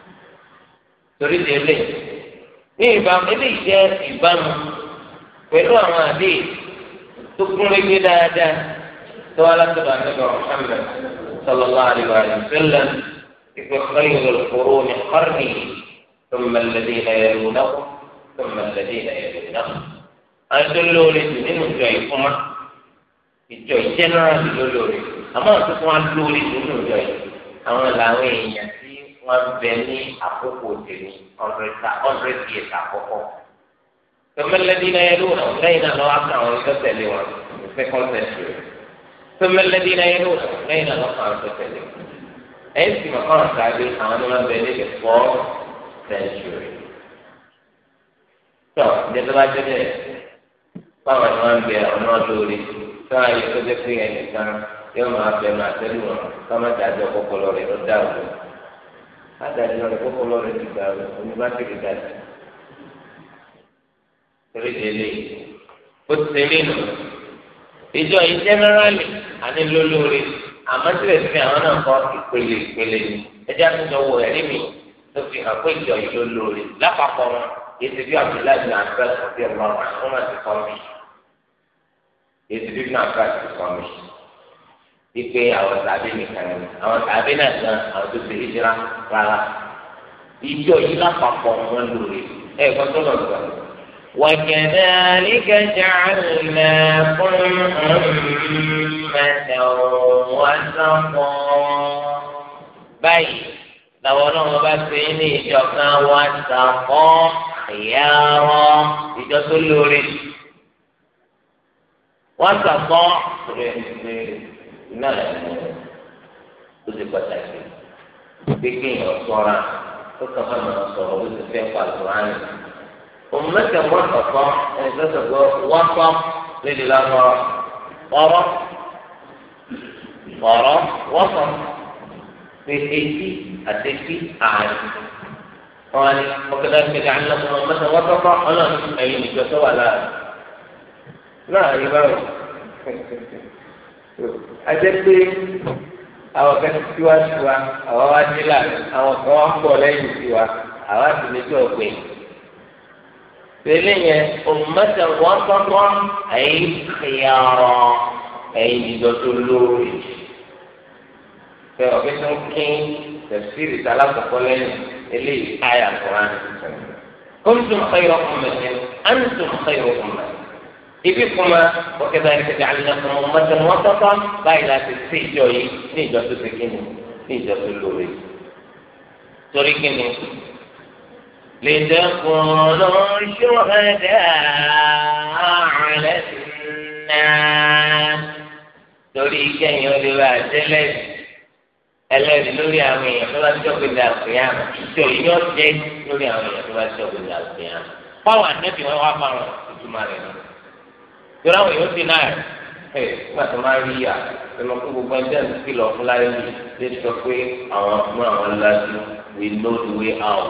torí ti eléyìí ní ìbámu eléyìí jẹ́ ìbámu pẹ̀lú àwọn àdé tó kún lóye dáadáa tó wá látọ̀dọ̀ àtẹ̀gbọ̀ Muhammad sallallahu alayhi wa sallam ìgbà kọ́yìn olùkóró ní kọ́rìnì ثم الذين يلونهم ثم الذين يلونهم àwọn tó lóore jù nínú ìjọ ìfúnmá ìjọ ìjẹ́nà lóore àmọ́ àtúntò wọn lóore jù nínú ìjọ yìí àwọn làwọn èèyàn wọn bẹ ní àkókò tèmi hundred years àkọ́kọ́ tọmẹlẹdínlẹ yẹn lónà lẹ́yìn náà lọ àkàn àwọn ẹgbẹ́ tẹ́lẹ̀ wọn second century tọmẹlẹdínlẹ yẹn lónà lẹ́yìn náà lọ àkàn àwọn ẹgbẹ́ tẹ́lẹ̀ ẹ̀yìn sì máa kàn sáré àwọn ní wọn bẹ ní the fourth century tọ ìjọba jẹjẹ báwọn ni wọn bẹ àwọn náà lórí tí wọn ayé tó pé ẹnìkan yóò máa bẹ máa tẹlu wọn kí wọn má dájọ rẹ lọ dáàbò adájọ́ rẹ̀ kókó lọ́rẹ̀ ti gbà rẹ̀ oníbàtìrì dàdí. Eréje lè ó ti rí nù. Ìjọ yìí jẹ́nẹ́rálì àní lólórí àmọ́ síbẹ̀síbẹ̀ àwọn náà kọ́ ìpele ìpele ni. Ẹjẹ́ àtúntò wo ẹ̀rí mi ló fi hàn pé ìjọ yìí lólórí. Lápapọ̀ wọn, èsì bí Abdullahi bin Abbas ti ọ̀rọ̀ àwọn ọmọ ti kọ́ mi. Èsì bí Abdullahi bin Abbas ti mi wípé àwọn tàbí nìkan ni àwọn tàbí náà gan àwọn tó ti hijira rárá ìjọ yìí lápapọ̀ wọn lórí ẹ kọ́ tó lọ sọ. وكذلك جعلناكم أمة وسطا بي لو أنه بسيني جوكا وسطا خيارا إذا تلوري وسطا iná lẹ ẹ̀mí ó ti pàtàkì gbégbé yẹn sọ́ra ó kàn fún àwọn sọ̀rọ̀ ó ti fẹ́ pa àlùkùránì òun mẹ́tẹ̀ wọ́n kọ̀kọ́ ẹni tó sọ̀rọ̀ wọ́n kọ́ lédè lásọ̀rọ̀ ọ̀rọ̀ ọ̀rọ̀ wọ́n kọ́ pé etí àti etí àárín wọn ni ọ̀kadà kẹ̀kẹ́ àlọ́kùnrin ọmọ mẹ́tẹ̀ wọ́n kọ́kọ́ ọlọ́run ẹ̀yìn ìjọsọ wà láàrin láàrin báyìí. ajẹ́ pé àwọn kan tí wá sí wa àwọn wá nílà àwọn kan wá pọ̀ lẹ́yìn sí wa àwọn àti méjì ọ̀gbìn tẹlẹ yẹn ọmọọmọsẹ wọn kọ́kọ́ ẹ̀yin kìyàrọ ẹ̀yin ìjọ tó lóore fẹ ọbẹ tó ń kín tẹsíìrì tálá kọ́kọ́ lẹ́yìn eléyìí ayà kúránì kóńtùm xeyọ ọmọ ẹ ẹńtùm xeyọ ọmọ ẹ ibi kuma ọ̀kẹ́ta ẹ̀ka ti àlùna fún ọmọ mẹ́tẹ̀ẹ̀ni wọ́n tọ́tọ́ báyìí láti sí ìjọ yìí ní ìjọ tó ti kíni ní ìjọ tó lóore torí kíni lè dẹ́kun lọ́ṣọ́ ẹ̀dá àrẹ náà torí kẹ́yìn olùwà àtẹ́lẹ̀ ẹlẹ́rìí lórí àwọn èèyàn tó bá ń jọ́ gbẹ̀dẹ̀ àfihàn ìjọ yìí yóò jẹ́ lórí àwọn èèyàn tó bá ń jọ́ gbẹ̀dẹ̀ àfihàn. báwo àtẹ́bí wọn wá fáwọn ìtumọ̀ rẹ̀ náà yọrọ àwọn èèyàn ti náà ẹ nígbà tó máa rí yà ẹnu kó gbogbo ẹgbẹ́ ẹ̀mí sí lọ fún láyé mi lè sọ pé àwọn fún àwọn lájú we know the way out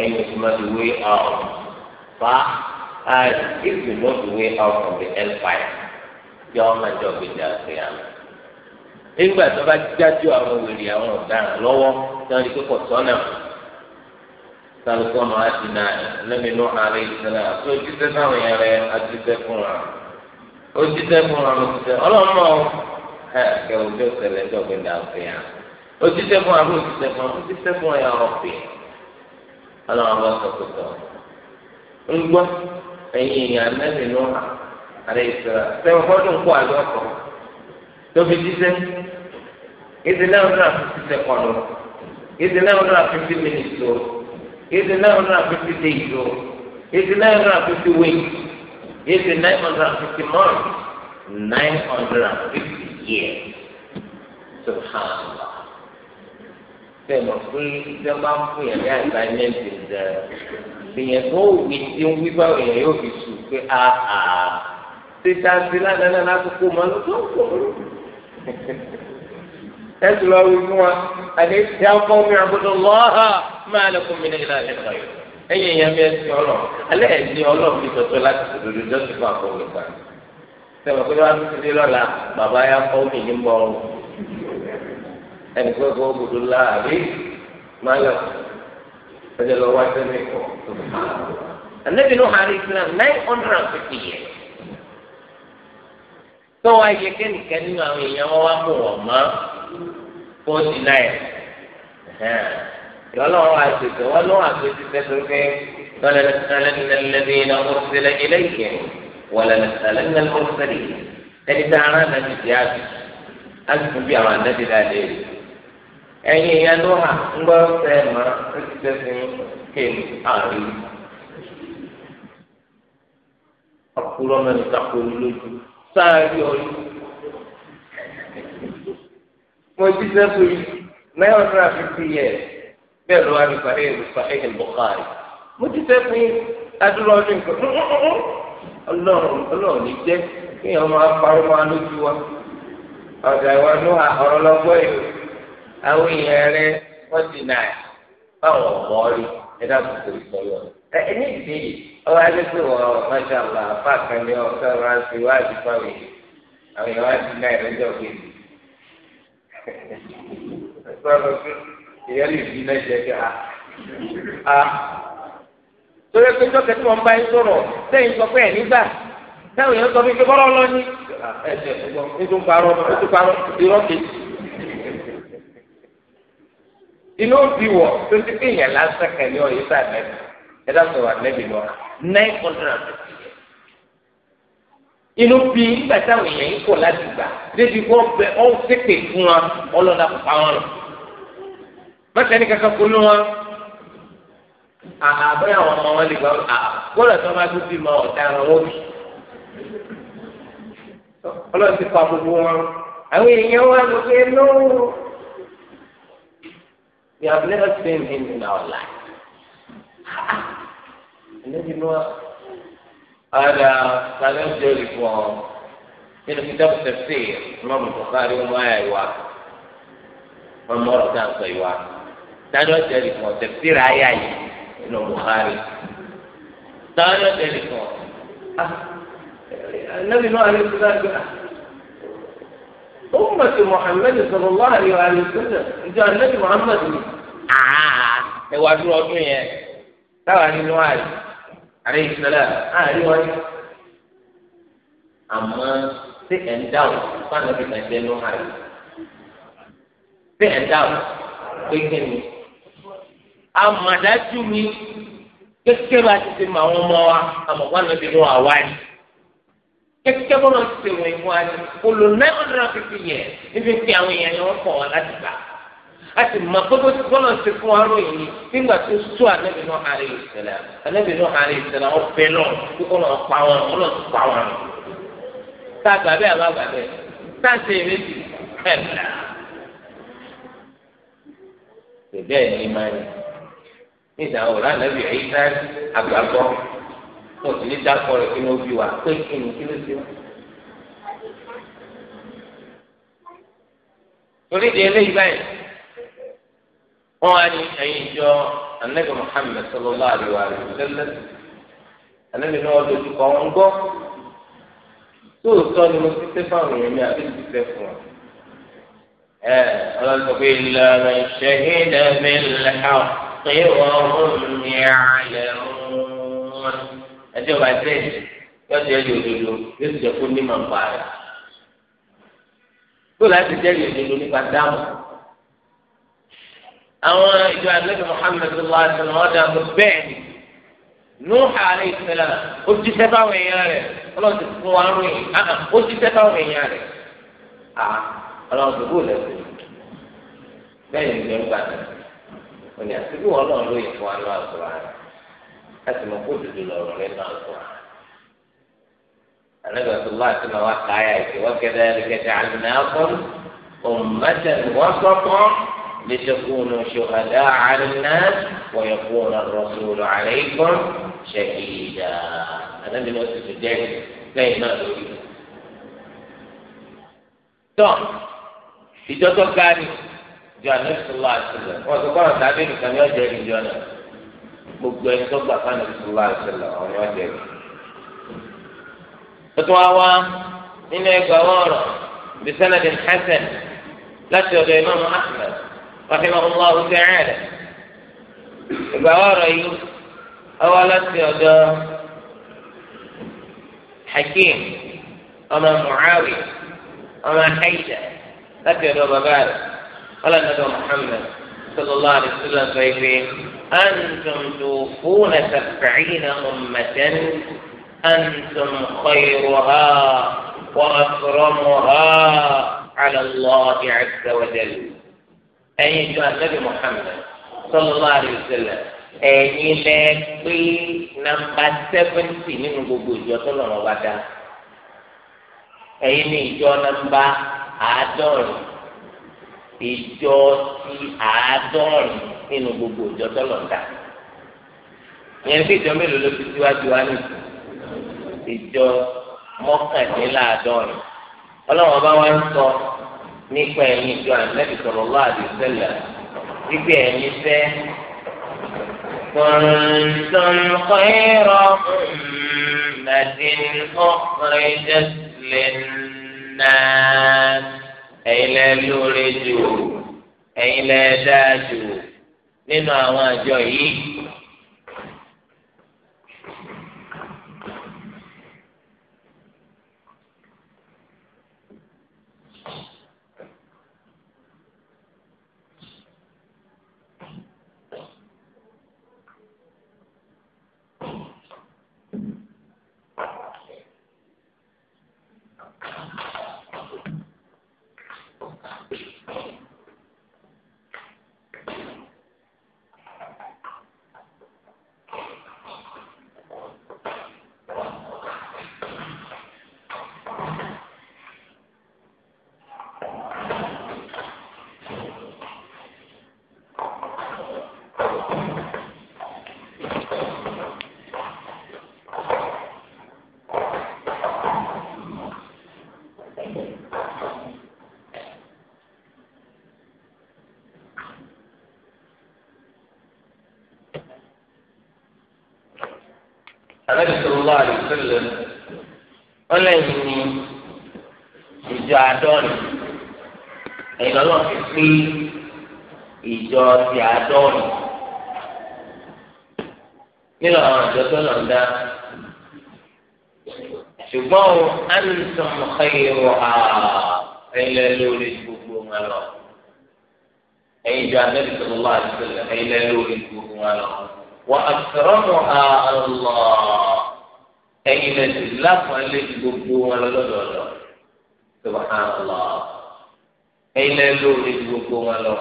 ẹ̀yin ò máa the way out fa i if you know the way out from the hellfire yọ ọmọ ẹjọ gbèjà sí àná nígbà tó bá dájú àwọn wèrè àwọn ọ̀daràn lọ́wọ́ tí wọ́n di pé kò sọ́nà kálukú ọmọ àti náà lẹ́mi nù àlẹ́ ìṣẹ̀lẹ̀ àti ojúṣe fáwọn èèyàn rẹ̀ àtijọ́ fún wa ojúṣe fún wa lójúṣe ọlọ́mọ ẹ kẹ ojú ọ̀sẹ̀lẹ̀ dọ̀gbìn dàgbìn yà ojúṣe fún wa lójúṣe fún wa ojúṣe fún wa yà ọ̀pẹ̀ ọlọ́mọ bá sọ pẹ̀tọ́ ńgbọ́ ẹ̀yìn èèyàn lẹ́mi nù àlẹ́ ìṣẹ̀lẹ̀ sẹ́wọ́n fọ́dún kó àlọ́ ọkọ̀ is the nine hundred and fifty days o is the nine hundred and fifty weeks is nine hundred and fifty months nine hundred and fifty years subhanallah bẹ́ẹ̀ mọ̀ pé ṣé máa ń fún uh, yẹn ní àìsáyẹ́ǹtì ẹ̀ ìyẹn tó wí tí ń wí báwọn èèyàn yóò fi sùn pé àà ah, ah. ṣe dáńtì ládàá náà lákòókò máa ń tó kọ̀ ọ́ ẹsùn lọ wí fún wa àti ìyàwó mi àbúrò lọ́hà máa lè fún mi ní ìlà ìlà yìí ẹ̀yìn ìyá mi ẹ̀sìn ọlọ́ alẹ́ ẹ̀sìn ọlọ́ mi tọ̀tọ̀ láti sòdodo jọ́sìn fún àkọ́wé pa sẹ́wọ̀n pé wọ́n á tún ti lọ́la bàbá yá kọ́ mi ní bọ́ ọ́n ẹnì pé kó gbòdó la àbí máa yọ ẹ̀jẹ̀ lọ wá sẹ́mi kọ́ anabi nu hàn islam nine hundred and fifty years tó wáyé kẹ́nìkan nínú àwọn èèyàn wọn wá mú wọn mọ́. forty nine lọ́lọ́run àtẹ̀tẹ̀ wọn lọ́wọ́ àtẹ̀tẹ̀ tẹ̀sán pé lọ́lẹ̀ lẹ́sàlẹ́nà lẹ́bí iná ọ̀rọ̀sẹ̀lẹ̀ ilé ìkẹ́ wọ̀lẹ̀ lẹ́sàlẹ́nà ọ̀rọ̀sẹ̀lẹ̀ ẹni tá ara náà ti di àbí àtúntò bí àwọn ànábì náà lè rí ẹ̀yin ya ló hà ń gbọ́ sẹ́ ma ó ti tẹ̀sán kéèmù àárín ọkùnrin ọmọ ìtàkùn lójú sáà rí ọlú. mo ti sẹ́ fún yìí nine hundred and fifty years bẹ́ẹ̀ ló wà ní sahih sahih al-Bukhari mo ti sẹ́ fún yìí adúlọ́ ọdún nǹkan ọlọ́run ọlọ́run ní jẹ́ kéèyàn máa parọ́ máa lójú wa ọ̀gá ìwà ní ọ̀rọ̀ lọ́gbọ́ yìí àwọn èèyàn rẹ wọ́n ti nà ẹ̀ báwọn ọmọ rí ẹ dábò tó ìsọ̀rọ̀ ní ìdí ọwọ́ adé pé wọ́n máṣá àlá apá kan ní ọ̀sán ránṣẹ́ wá àdìpá mi àwọn èèyàn wá ti nà ẹ̀ lọ́jọ́ kejì sọ̀rọ̀ pé ìyẹn lè fi náà jẹ́ kí a. torí pé jọ́kẹ́ tí wọ́n bá yín sọ̀rọ̀ sẹ́yìn sọ pé ẹ̀ nígbà táwọn èèyàn sọ fún mi bọ́rọ̀ lọ ní. ẹ̀jẹ̀ nítorí parọ́ nítorí parọ́ irọ́ kejì. inú òbí wọ̀ tó ti pé èèyàn lásán kẹ́lẹ́ ọ̀yẹ́sà nẹ́bí ẹ̀dá sọ̀rọ̀ nẹ́bí lọ nine hundred inú bí nígbà táwọn èèyàn yìí kọ̀ láti gbà débi kó bẹ ọ́ ṣépè fún wa ọlọ́dà kò pa wọn. mọ́tò ẹni kankan kú wọn àbẹ́ àwọn ọmọ wọn lè gbà wọn kódà tó máa dúdú ma ọ̀daràn wọn bì. ọlọ́run ti pa gbogbo wọn àwọn èèyàn wa ló pé lóòrò. we have never seen him in our life. [laughs] ẹ̀lẹ́dìí ni wọ́n. هذا كان يجري فهم في كتاب التفسير إمام البخاري وما يوا ومرة كان سيوا كان يجري فهم تفسير آيات إنه البخاري كان يجري فهم النبي نوح عليه السلام أمة محمد صلى الله عليه وآله وسلم جاء النبي محمد آه هو أدري أدري يعني ترى نوح àrẹ ìṣẹ̀lẹ̀ àárín wọn àmọ́ ṣé ẹ ń dáhùn fáwọn ẹbí kan jẹ ló hàn ṣé ẹ ń dáhùn pé kí àmàdájú mi kékeré bá ti ti mọ àwọn ọmọ wa àmọ́ wọn lọ bí wọn àwa yìí bá wọn ti ti wọn ìwọ àti olùnẹ́ọ̀dúnrún fífi yẹ níbi pé àwọn èèyàn yẹn wọn kọ̀ wọn láti gbà a sì mọ gbogbo tí wọn lọ sí fún aró yìí nígbà tó tó anabi náà àrè ìṣẹ̀lẹ̀ anabi náà àrè ìṣẹ̀lẹ̀ ọbẹ náà kí wọn lọ pa wọn wọn lọ pa wọn. tá a gbà bẹ́ẹ̀ àbá gbà bẹ́ẹ̀ tá a ṣe eré sí ẹ̀ là. bẹ́ẹ̀ ni máa ní nígbà wo rà anabi ẹ̀yí sáré àgbàgbọ́ wọn sì ní dákọ̀ rẹ̀ kí ló bí wa pé kí ni kí ló ṣe wá. torí di eléyìí báyìí wọn wá ní ẹ̀yin ìjọ anabi muhammed sallallahu alayhi wa sallam anabi náà wọn lójú kọ wọn gbọ́ tóòtọ́ ni mo ti tẹ fáwọn èèyàn mi àbí ti tẹ fún wọn. ẹ ọlọ́sọ̀kọ́ ìlànà ìṣẹ́hìnà mi lẹ́hà pé wọ́n mú mi àlẹ́ wọn. ẹjọ́ bá tẹ̀ yọjọ́ ẹ̀jẹ̀ òdodo yóò jẹ́ kó ní màmá rẹ̀. tó láti jẹ́ ìyẹn òdodo nípa dáàmú. àwọn ìjọ àdébí muhammed sallallahu alayhi bẹ́ẹ̀ ni nuuxa ó ti èèyàn rẹ̀ Ọlọ́run ti fún wa ó ti èèyàn rẹ̀ Ọlọ́run ti bẹ́ẹ̀ ni ìjọ ń gbà ni àti fún wa rẹ̀ láti mọ kó lọ́rọ̀ rẹ̀ náà لتكونوا شهداء على الناس ويكون الرسول عليكم شهيدا أنا من أسس الدين لأن tọ́ ìjọ́tọ̀ gani jọ anẹ́sọ̀lá àṣẹlẹ̀ wọ́n sọ fọ́nà tàbí nìkan ní ọjọ́ ìjọ náà gbogbo ẹni tó gbà fún anẹ́sọ̀lá àṣẹlẹ̀ ọ̀nà ọjọ́ ìjọ. tuntun wa wá nínú ẹgbẹ́ ọ̀rọ̀ bisanadin hasan láti ọ̀dọ̀ imam ahmed رحمه الله تعالى بواري أولت يدا حكيم أما معاوية أما حيدة أتي يدا مبارك قال النبي محمد صلى الله عليه وسلم فيه أنتم توفون سبعين أمة أنتم خيرها وأكرمها على الله عز وجل ẹ̀yin ju anabi muhammed sallallahu alaihi wasallam ẹ̀yin lẹ pé nàmbà sẹfẹntì nínú gbogbo ìjọ tó lọrọ dá ẹ̀yin ní ìjọ nàmbà àádọ́rin ìjọ ti nínú gbogbo ìjọ tó dá yẹn fi ìjọ mélòó ló fi síwájú wa ìjọ nípa ẹ̀yin ìjọ ànábì sallallahu alaihi wasallam wípé ẹ̀yin fẹ́ kuntum khayra ummatin ukhrijat lin-nas ẹ̀yin lẹ lóore jù ẹ̀yin lẹ dáa jù nínú àwọn àjọ yìí. النبي صلى الله عليه وسلم قال إني إجادون أي لو في إجاد إجادون إلى أن جدنا عند شبه أنتم خيرها إلى لولي شبهما الله أي جانب صلى الله عليه وسلم إلى لولي شبهما الله وأكرمها على الله أين الله والذي يبدو ولا سبحان الله أين الذي يبدو ولا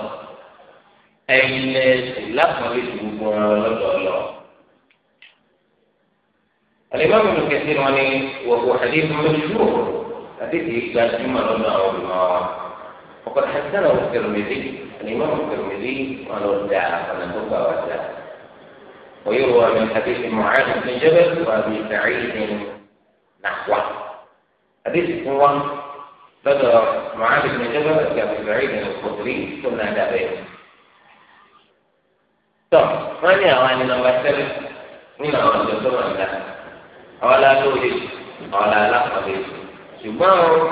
أين الله والذي يبدو ولا الإمام ابن كثير عني وهو حديث مشهور حديث إقبال جمع الله وقد حسنه الترمذي الإمام الترمذي قال ودعا فنتوب ودعا ويروى من حديث معاذ بن جبل وابي سعيد نحوه حديث هو بدر معاذ بن جبل وابي سعيد الخدري ثم نادى طب ما ني اواني نمبر 7 من اواني نمبر 7 اولا لوري اولا لا قبي شباب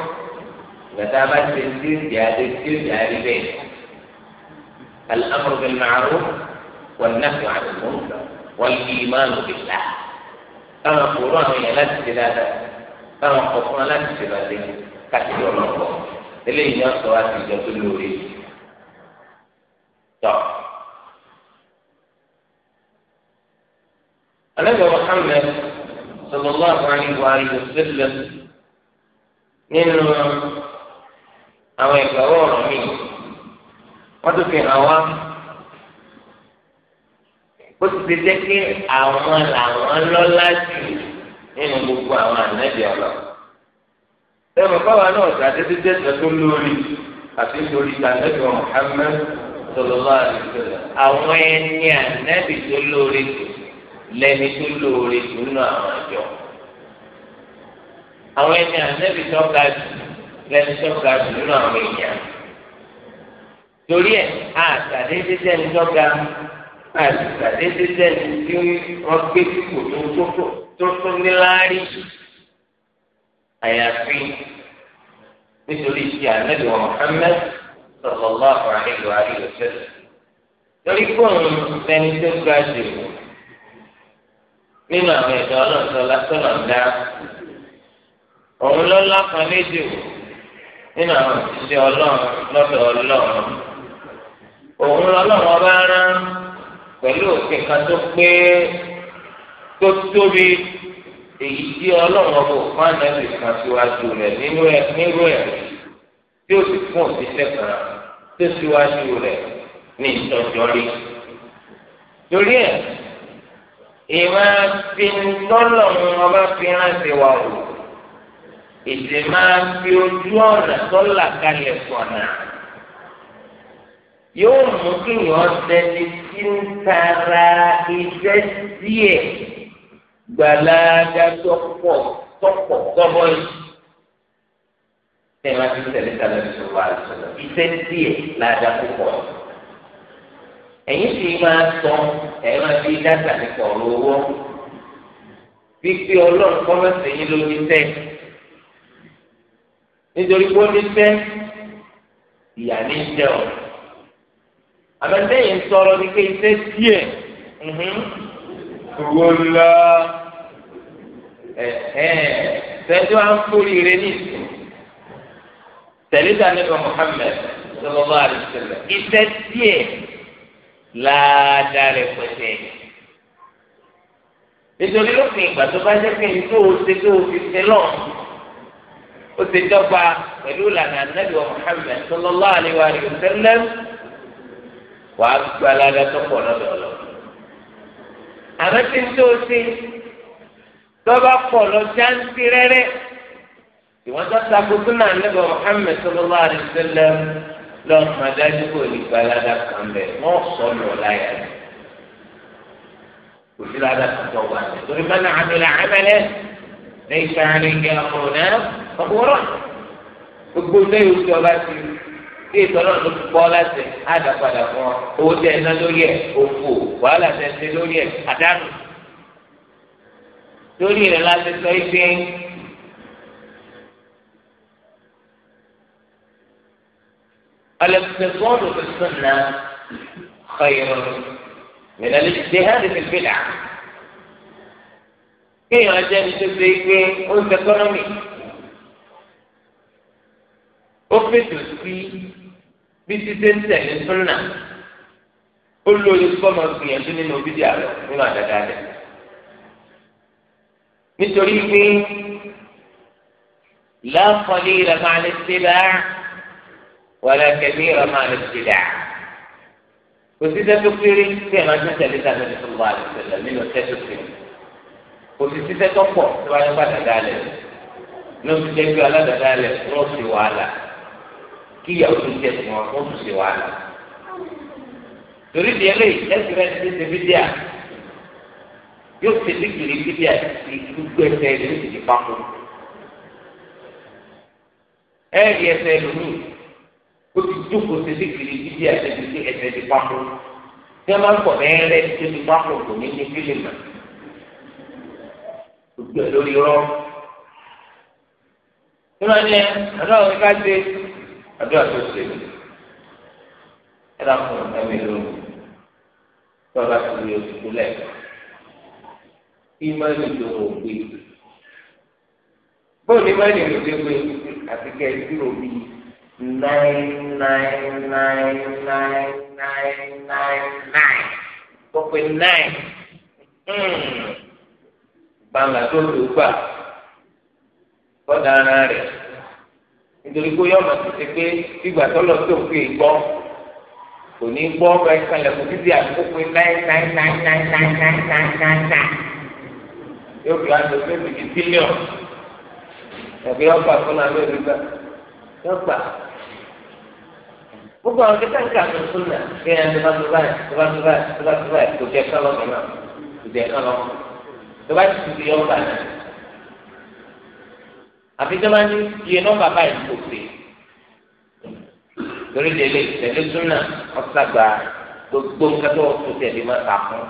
نتابع تنزيل يا تنزيل يا بين الامر بالمعروف والنهي عن المنكر wọ́n yí ìmánu bì lá káwọn kòrò àwọn èèyàn láti ṣe dáadáa káwọn kọ̀ fún wọn láti ṣe bàjẹ́ káti lọ lọ pọ̀ eléyìí ni wọ́n sọ wá sí ìjọ tó lóore tọ́. النبي محمد صلى الله عليه وآله وسلم من أو يقرون منه قد في هواه bó ti ṣe jẹ́ pé àwọn làwọn lọ́lá jù nínú gbogbo àwọn ànábì ọ̀lọ́. ẹnu káwa náà ṣàdédé jẹ́sẹ̀ tó lórí àti lórí ànábì Muhammad sallallahu alaihi wasallam. àwọn ẹni ànábì tó lórí jù lẹ́ni tó lórí jù nínú àwọn àjọ. àwọn ẹni ànábì tó ga jù lẹ́ni tó ga jù nínú àwọn èèyàn. torí ẹ̀ àṣàdédé jẹ́ni tó ga jù àtìgbà dédé sẹ́ni tí wọ́n gbé kíkò tó tó níláárí àyàfi nítorí ti ànábì wa Muhammad sallallahu alayhi wa sallam torí fóònù lẹni tó ga jù nínú àwọn ẹ̀dọ́ ọlọ́sọ̀lá sọ̀rọ̀ ńlá òun ló lọ́kàn lédè nínú àwọn òṣìṣẹ́ ọlọ́run lọ́dọ̀ ọlọ́run òun lọ́lọ́run ọba rán pẹ̀lú òfin kan tó pé tó tóbi èyí tí ọlọ́run ọkọ̀ fún ànábì kan síwájú rẹ̀ nínú ẹ̀ nírú ẹ̀ tí ó sì fún òṣìṣẹ́ kan tó síwájú rẹ̀ ní ìtọ́jọ́ rí. torí ẹ̀ ìmọ̀ fi lọ́lọ́run ọba fi ránṣẹ́ wa wò èdè máa fi ojú ọ̀nà tó là kalẹ̀ fọ̀nà yóò mú kí èèyàn dẹni tí ń tara iṣẹ́ díẹ̀ gbàlágà tọ́pọ̀ tọ́pọ̀ tọ́bọ̀ yìí. Ṣé máa ti tẹ̀lé tàbí tó wà lọ́sọ̀rọ̀? Iṣẹ́ díẹ̀ láàdá púpọ̀. Ẹ̀yin sì máa sọ ẹ̀yin máa fi dáta nípa ọ̀rọ̀ owó. Fífi ọlọ́run kọ́mọ̀sì yín ló ní tẹ́. Nítorí pé ó ní tẹ́, ìyá ní jẹun àbẹ̀tẹ́yìn ń sọ̀rọ̀ ní pé iṣẹ́ díẹ̀ mhm. owó ńlá tẹ̀sí wa ń fúri rẹ ní ìsìn tẹ̀lé daniel Muhammad sallallahu alaihi wasallam iṣẹ́ díẹ̀ láàdáa rẹ pẹ̀tẹ́ nítorí lópin ìgbà tó bá jẹ́ pé nítorí o ṣe tó o fi ṣe lọ́ọ̀ o ṣe dọ́gba pẹ̀lú ìlànà anabi wa Muhammad sallallahu alaihi wàá gba alága tó pọ̀ lọ́dọ̀ lọ. àmọ́ tí ń tó ṣe tọ́ba pọ̀ lọ jáǹtì rẹ́rẹ́ ìwọ́n tó ta gbogbo náà nígbà Muhammad sallallahu alaihi wasallam lọ́n máa dájú kò ní gba alága kan bẹ̀ wọ́n sọ lọ láyà rẹ̀. kò sí alága kan tó wà lẹ̀ torí mọ́nà àmìlà àmàlẹ́ lẹ́yìn sáré ní ọkùnrin náà ọkùnrin gbogbo lẹ́yìn oṣù ọba ti kí ìtọ́nà ló ti gbọ́ láti àdàpadà fún ọ owó tẹ ẹ ná lórí ẹ òfò wàhálà tẹ ẹ ṣe lórí ẹ àdánù lórí rẹ láti sọ ife الاقتصاد في السنة خير من الاجتهاد في البدع kéèyàn jẹ́ ní tó ṣe pé ó ń tẹkọ́nọ́mì ó fètò sí bí títí ń tẹ̀lé súnà ó lóye fọmọ gbìyànjú nínú òbí di àlọ nínú àdáda rẹ nítorí pé láǹfọ̀lì ìrọ̀mọ́ àlẹ́ sílá wàlẹ́ kẹ̀mí ìrọ̀mọ́ àlẹ́ sílá kò sí pọ̀ tí wàá yẹ kó àdàdà rẹ kéré tí ẹ̀ máa tún tẹ̀lé tàbí ẹni tó wà lẹ́sẹ̀lẹ̀ nínú setu kéré kò sí sí sẹ́tò pọ̀ tí waa ye ko adada alẹ̀ ní oṣù tẹ́jú aládàáda alẹ̀ wọ́n fi wàhálà. kí ìyàwó tó jẹ sí wọn fún tùsí wàhálà torí di ẹlẹ́yìí ẹsẹ̀ rẹ̀ ti ṣe fídíà yóò ṣe dígìrì fídíà gbogbo ẹsẹ̀ rẹ̀ ti di pákó ẹ̀rí ẹsẹ̀ lómi ó ti jókòó ṣe dígìrì fídíà ṣe ti di ẹsẹ̀ di pákó tí wọ́n bá ń pọ̀ mẹ́rẹ́ ṣe di pákó kò ní ní fílímù gbogbo ẹ̀ lórí rọ́ tí wọ́n ní ẹ̀ ọ̀dọ́ òun ká ṣe àdúrà tó ṣe ẹ dákun ẹmí lónìí tó ọba ti rí oṣù tó lẹ ìmọ̀ ìlú tó ń gbé bóun ní mọ̀ ìlú tó gbé àti kẹ́ ẹ bí nine nine nine nine nine nine nine kó pé nine hmm. bàǹgà tó lù ú gbà kọ́ dáná rẹ̀ nítorí pé yọ̀ọ̀mọ̀ ti ṣe pé gbígbà tọ́lọ̀ tó fi gbọ́ kò ní gbọ́ ọ̀rọ̀ ìkànnì kò títí àkókò pé nine nine nine nine nine nine nine nine nine yóò fi àjọ pé bìbí bílíọ̀n tàbí ọgbà fún àlọ́ ìrìbá yọgbà gbogbo àwọn kẹta ń kà tó fún nà kí ẹ tó bá tó báyìí tó bá tó báyìí tó bá tó báyìí kò jẹ kálọ̀ mọ́ náà kò jẹ kálọ̀ mọ́ tó bá ti ti yọgbà náà àfi tí wọ́n ní iye nọ́mbà báyìí kò pé torí délé tẹ̀lé súnà ọ̀sàgbà gbogbo nǹkan tó tó tẹ̀lé máa ta fún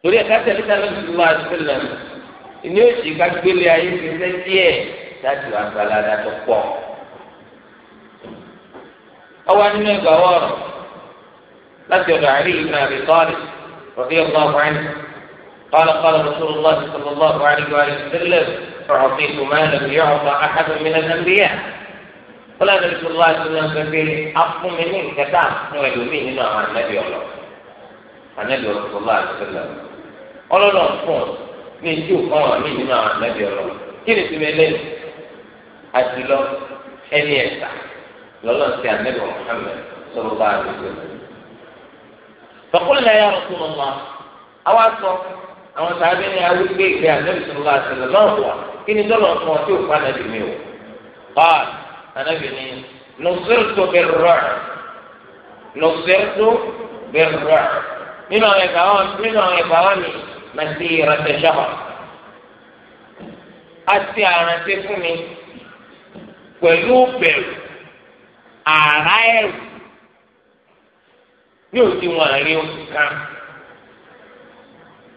torí ẹ̀ka tẹ̀lé tẹ̀lé ìlú àdúgbò ní òsì ká gbélé ayé fi ṣe díẹ̀ láti wà gbalada tó pọ̀ ọwọ́ nínú ẹgbàá wọ̀rọ̀ láti ọ̀dọ̀ àárín ìgbà àbíkọ́rì rọ̀bí ọgbà ọ̀gbà ẹni. قال قال رسول الله صلى الله عليه وآله وسلم أعطيت ما لم يعطى أحد من الأنبياء قال النبي صلى الله عليه وسلم كثير أقوم من كتاب ويدومين هنا عن النبي الله عن النبي صلى الله عليه وسلم قال له فون من جو قوم من هنا عن النبي الله كيف تملين أجل أن يسع لله سيد النبي محمد صلى الله عليه وسلم فقلنا يا رسول الله أواصل àwọn sàbẹ ní awí gbé ìgbé anabi sọlá àtẹlẹ lọ́wọ́ wa kí ni tọ́lọ̀ fún ọ tí ò fún anabi mi wò qaal anabi ni nusirtu birru'b nusirtu birru'b nínú àwọn ẹ̀ka wọn nínú àwọn ẹ̀ka wọn mi nàti ìrántí sábà àti àrántí fún mi pẹ̀lú bẹ̀rù àrá ẹ̀rù ní òdiwọ̀n àríwá kan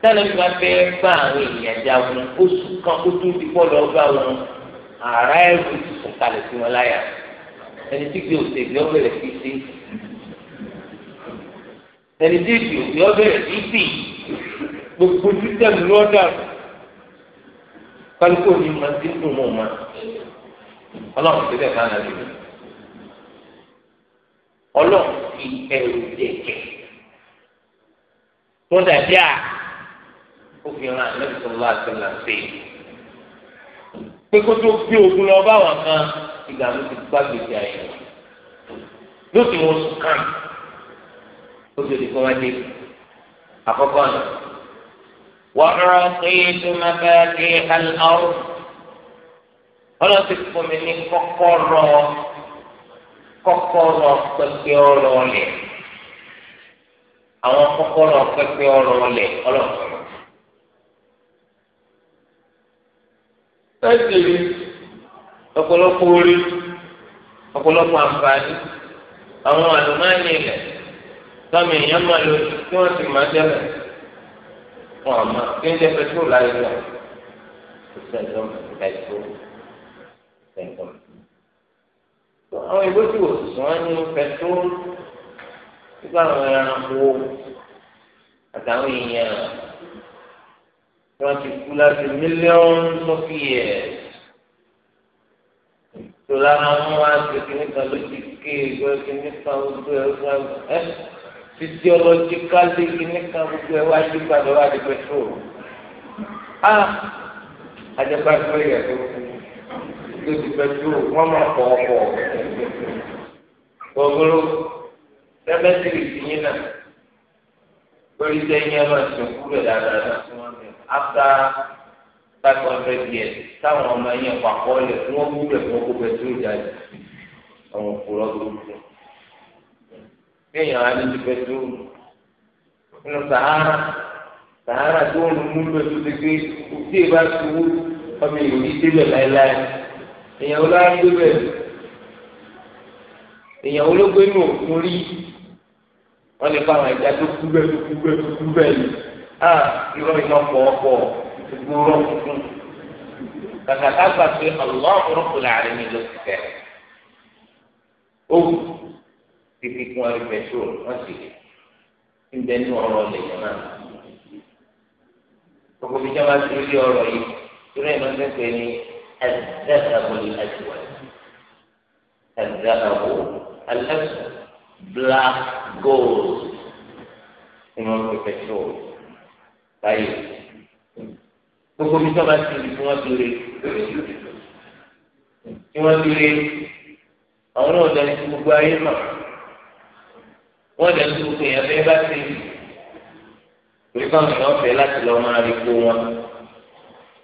tẹ́lẹ̀ bí wọ́n fẹ́ bá àwọn èèyàn jagun oṣù kan kó tó di bọ́ọ̀lù ọgbà wọn àrà ẹ̀rù ti sùn kalẹ̀ sí wọn láyà ẹni tí kì í òsè bí wọ́n bẹ̀rẹ̀ sí sí ẹni tí kì í òsè wọ́n bẹ̀rẹ̀ sí sí gbogbo sísẹ́mù lọ́dà kálukú ni mo ti dùn mọ́ ma ọlọ́run ti bẹ̀ bá nàbí ọlọ́run fi ẹrù jẹ̀kẹ̀ tó dàbí à ó fi hàn ànábì sọlá àtẹlà ṣe pé kó tó gbé ogun lọ bá wọn kan ìgbà mi ti gbá gbèsè àyẹ̀wò yóò fi wọn sùn kàn ó ti di fún wọn dé àkọ́kọ́ náà. وأعطيت مفاتيح الأرض ولا تكتم مني كقرة كقرة كقرة لي أو كقرة كقرة لي ẹsẹ̀ rí ọ̀pọ̀lọpọ̀ orí ọ̀pọ̀lọpọ̀ àǹfààní àwọn àlùmáàní ilẹ̀ sọmi èèyàn máa lo tí wọ́n sì máa jẹ́lẹ̀ wọn àmọ́ kí ń jẹ pẹtrol láyé lọ kò sẹ́ńtọ́m pẹtrol sẹ́ńtọ́m. àwọn ìbò tí wò sùn wọn ní pẹtrol nígbà àwọn ẹranko àtàwọn èèyàn tí wọ́n ti kú láti mílíọ̀nù lọ́kì yẹ. Tòlá máa mú wá sí kíní kan ló ti ké ìgbọ́ kíní kan gbogbo ẹ̀ fún ẹ̀ fisiọ́lọ́jíkálì kíní kan gbogbo ẹ̀ wá sí padà wá di pẹ̀tró. A àjẹpá tó yẹ kó tó di pẹ̀tró wọ́n máa pọ̀ ọ̀pọ̀. Gbogbo sẹ́mẹ́tìrì ti yín náà lórí sẹ́yìn ẹ̀ máa sọ̀kúrò dáadáa fún wọn after five hundred years táwọn ọmọ yẹn pàpọ̀ lẹ̀ fún wọn wúlò fún wọn kó bẹ tó jáde àwọn òkúrọ̀ burúkú kéèyàn á ní ti bẹ tó nínú sahara sahara tó ń mú bẹ tó ti gbé tí ì bá tó wú ọmọ ìlú débẹ̀ láéláé èèyàn olóyún débẹ̀ èèyàn ológun ní òkun rí wọn lè fa àwọn ẹja tó kú bẹ́ẹ̀ tó kú bẹ́ẹ̀ tó kú bẹ́ẹ̀ yìí. Ah, irọ́ iná pọ̀ọ́pọ̀ gbúrọ́ fún kàkà ká gbà pé ọlọ́run rọ́pùlà rẹ̀ mi ló ti tẹ̀. ó wù títí kí wọ́n rí pẹ̀trol wọ́n sì ń bẹ nínú ọ̀rọ̀ lẹ́yìn náà. gbogbo bí jọba ti rí ọ̀rọ̀ yìí torí ẹ̀ máa ń pè ní ẹ̀dẹ́gbẹ̀rún ẹ̀dẹ́gbẹ̀rún ẹ̀dẹ́gbẹ̀rún ẹ̀dẹ́gbẹ̀rún black gold ni wọ́n pè láyé gbogbo mi tó bá ti rí tí wọ́n ti rí tí wọ́n ti rí àwọn náà dẹni tí gbogbo ayé mọ̀ wọ́n dẹni tí gbogbo èèyàn fẹ́ bá ti rí torí káwọn èèyàn fẹ́ láti lọ máa rí kó wọn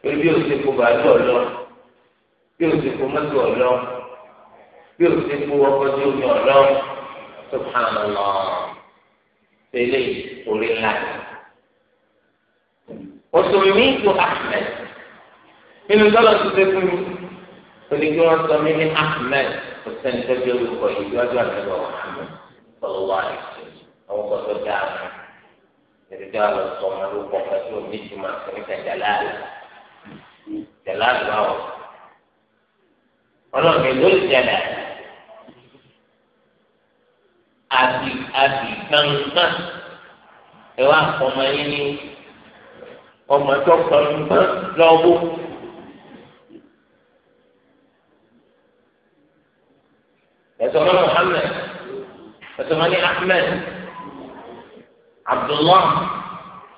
torí bí o ti kó bàálù ọ̀lọ́ bí o ti kó mọ́tò ọ̀lọ́ bí o ti kó ọkọ̀ tí o ní ọ̀lọ́ subhanallah tẹ́lẹ̀ orí ńlá yìí òsùnmí tó ahmed nínú sọlọ tó ṣe fún mi onígbé wọn sọ mí ní ahmed òsèǹ tẹbi orúkọ yìí wájú àtẹwà ahmed sọlọ wà lẹsẹ àwọn kan tó dáa mọ ìdíjọ àlọ sọ ọmọ orúkọ kan tó ní ìtumọ̀ àtẹnìkà jàláàlì jàláàlì wà wọ ọlọ́run ló lè jẹlẹ àti àti gbangba ẹ wá fọmọ yín ní ọmọ tó kọlu mọ́ lọ́wọ́. ẹ̀sọ́ mọ́ Muhammad ẹ̀sọ́ mọ́ ní Ahmed Abdullah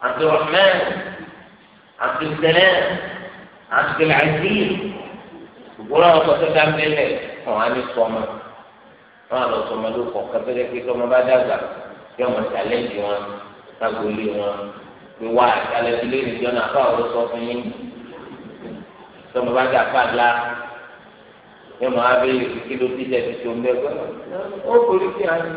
Abdulrahman Abdulsalam Abdulaziz gbogbo àwọn ọkọ̀ tó dá mẹ́lẹ̀ wọn á ní sọmọ wọn á lọ sọmọ ló kọ̀ kẹ́tẹ́kẹ́ tó ọmọ bá dàgbà yọmọ tàlẹ́ǹtì wọn lágbo ilé wọn ìwà àtàlẹ́bílé nìjọ náà fáwọn ló sọ fún yín tọmọ bá dà fà lá yọmọ abẹ́yẹ kí ló ti dẹ̀ fi tó mẹ́gbẹ́ ó kórìí sí àná.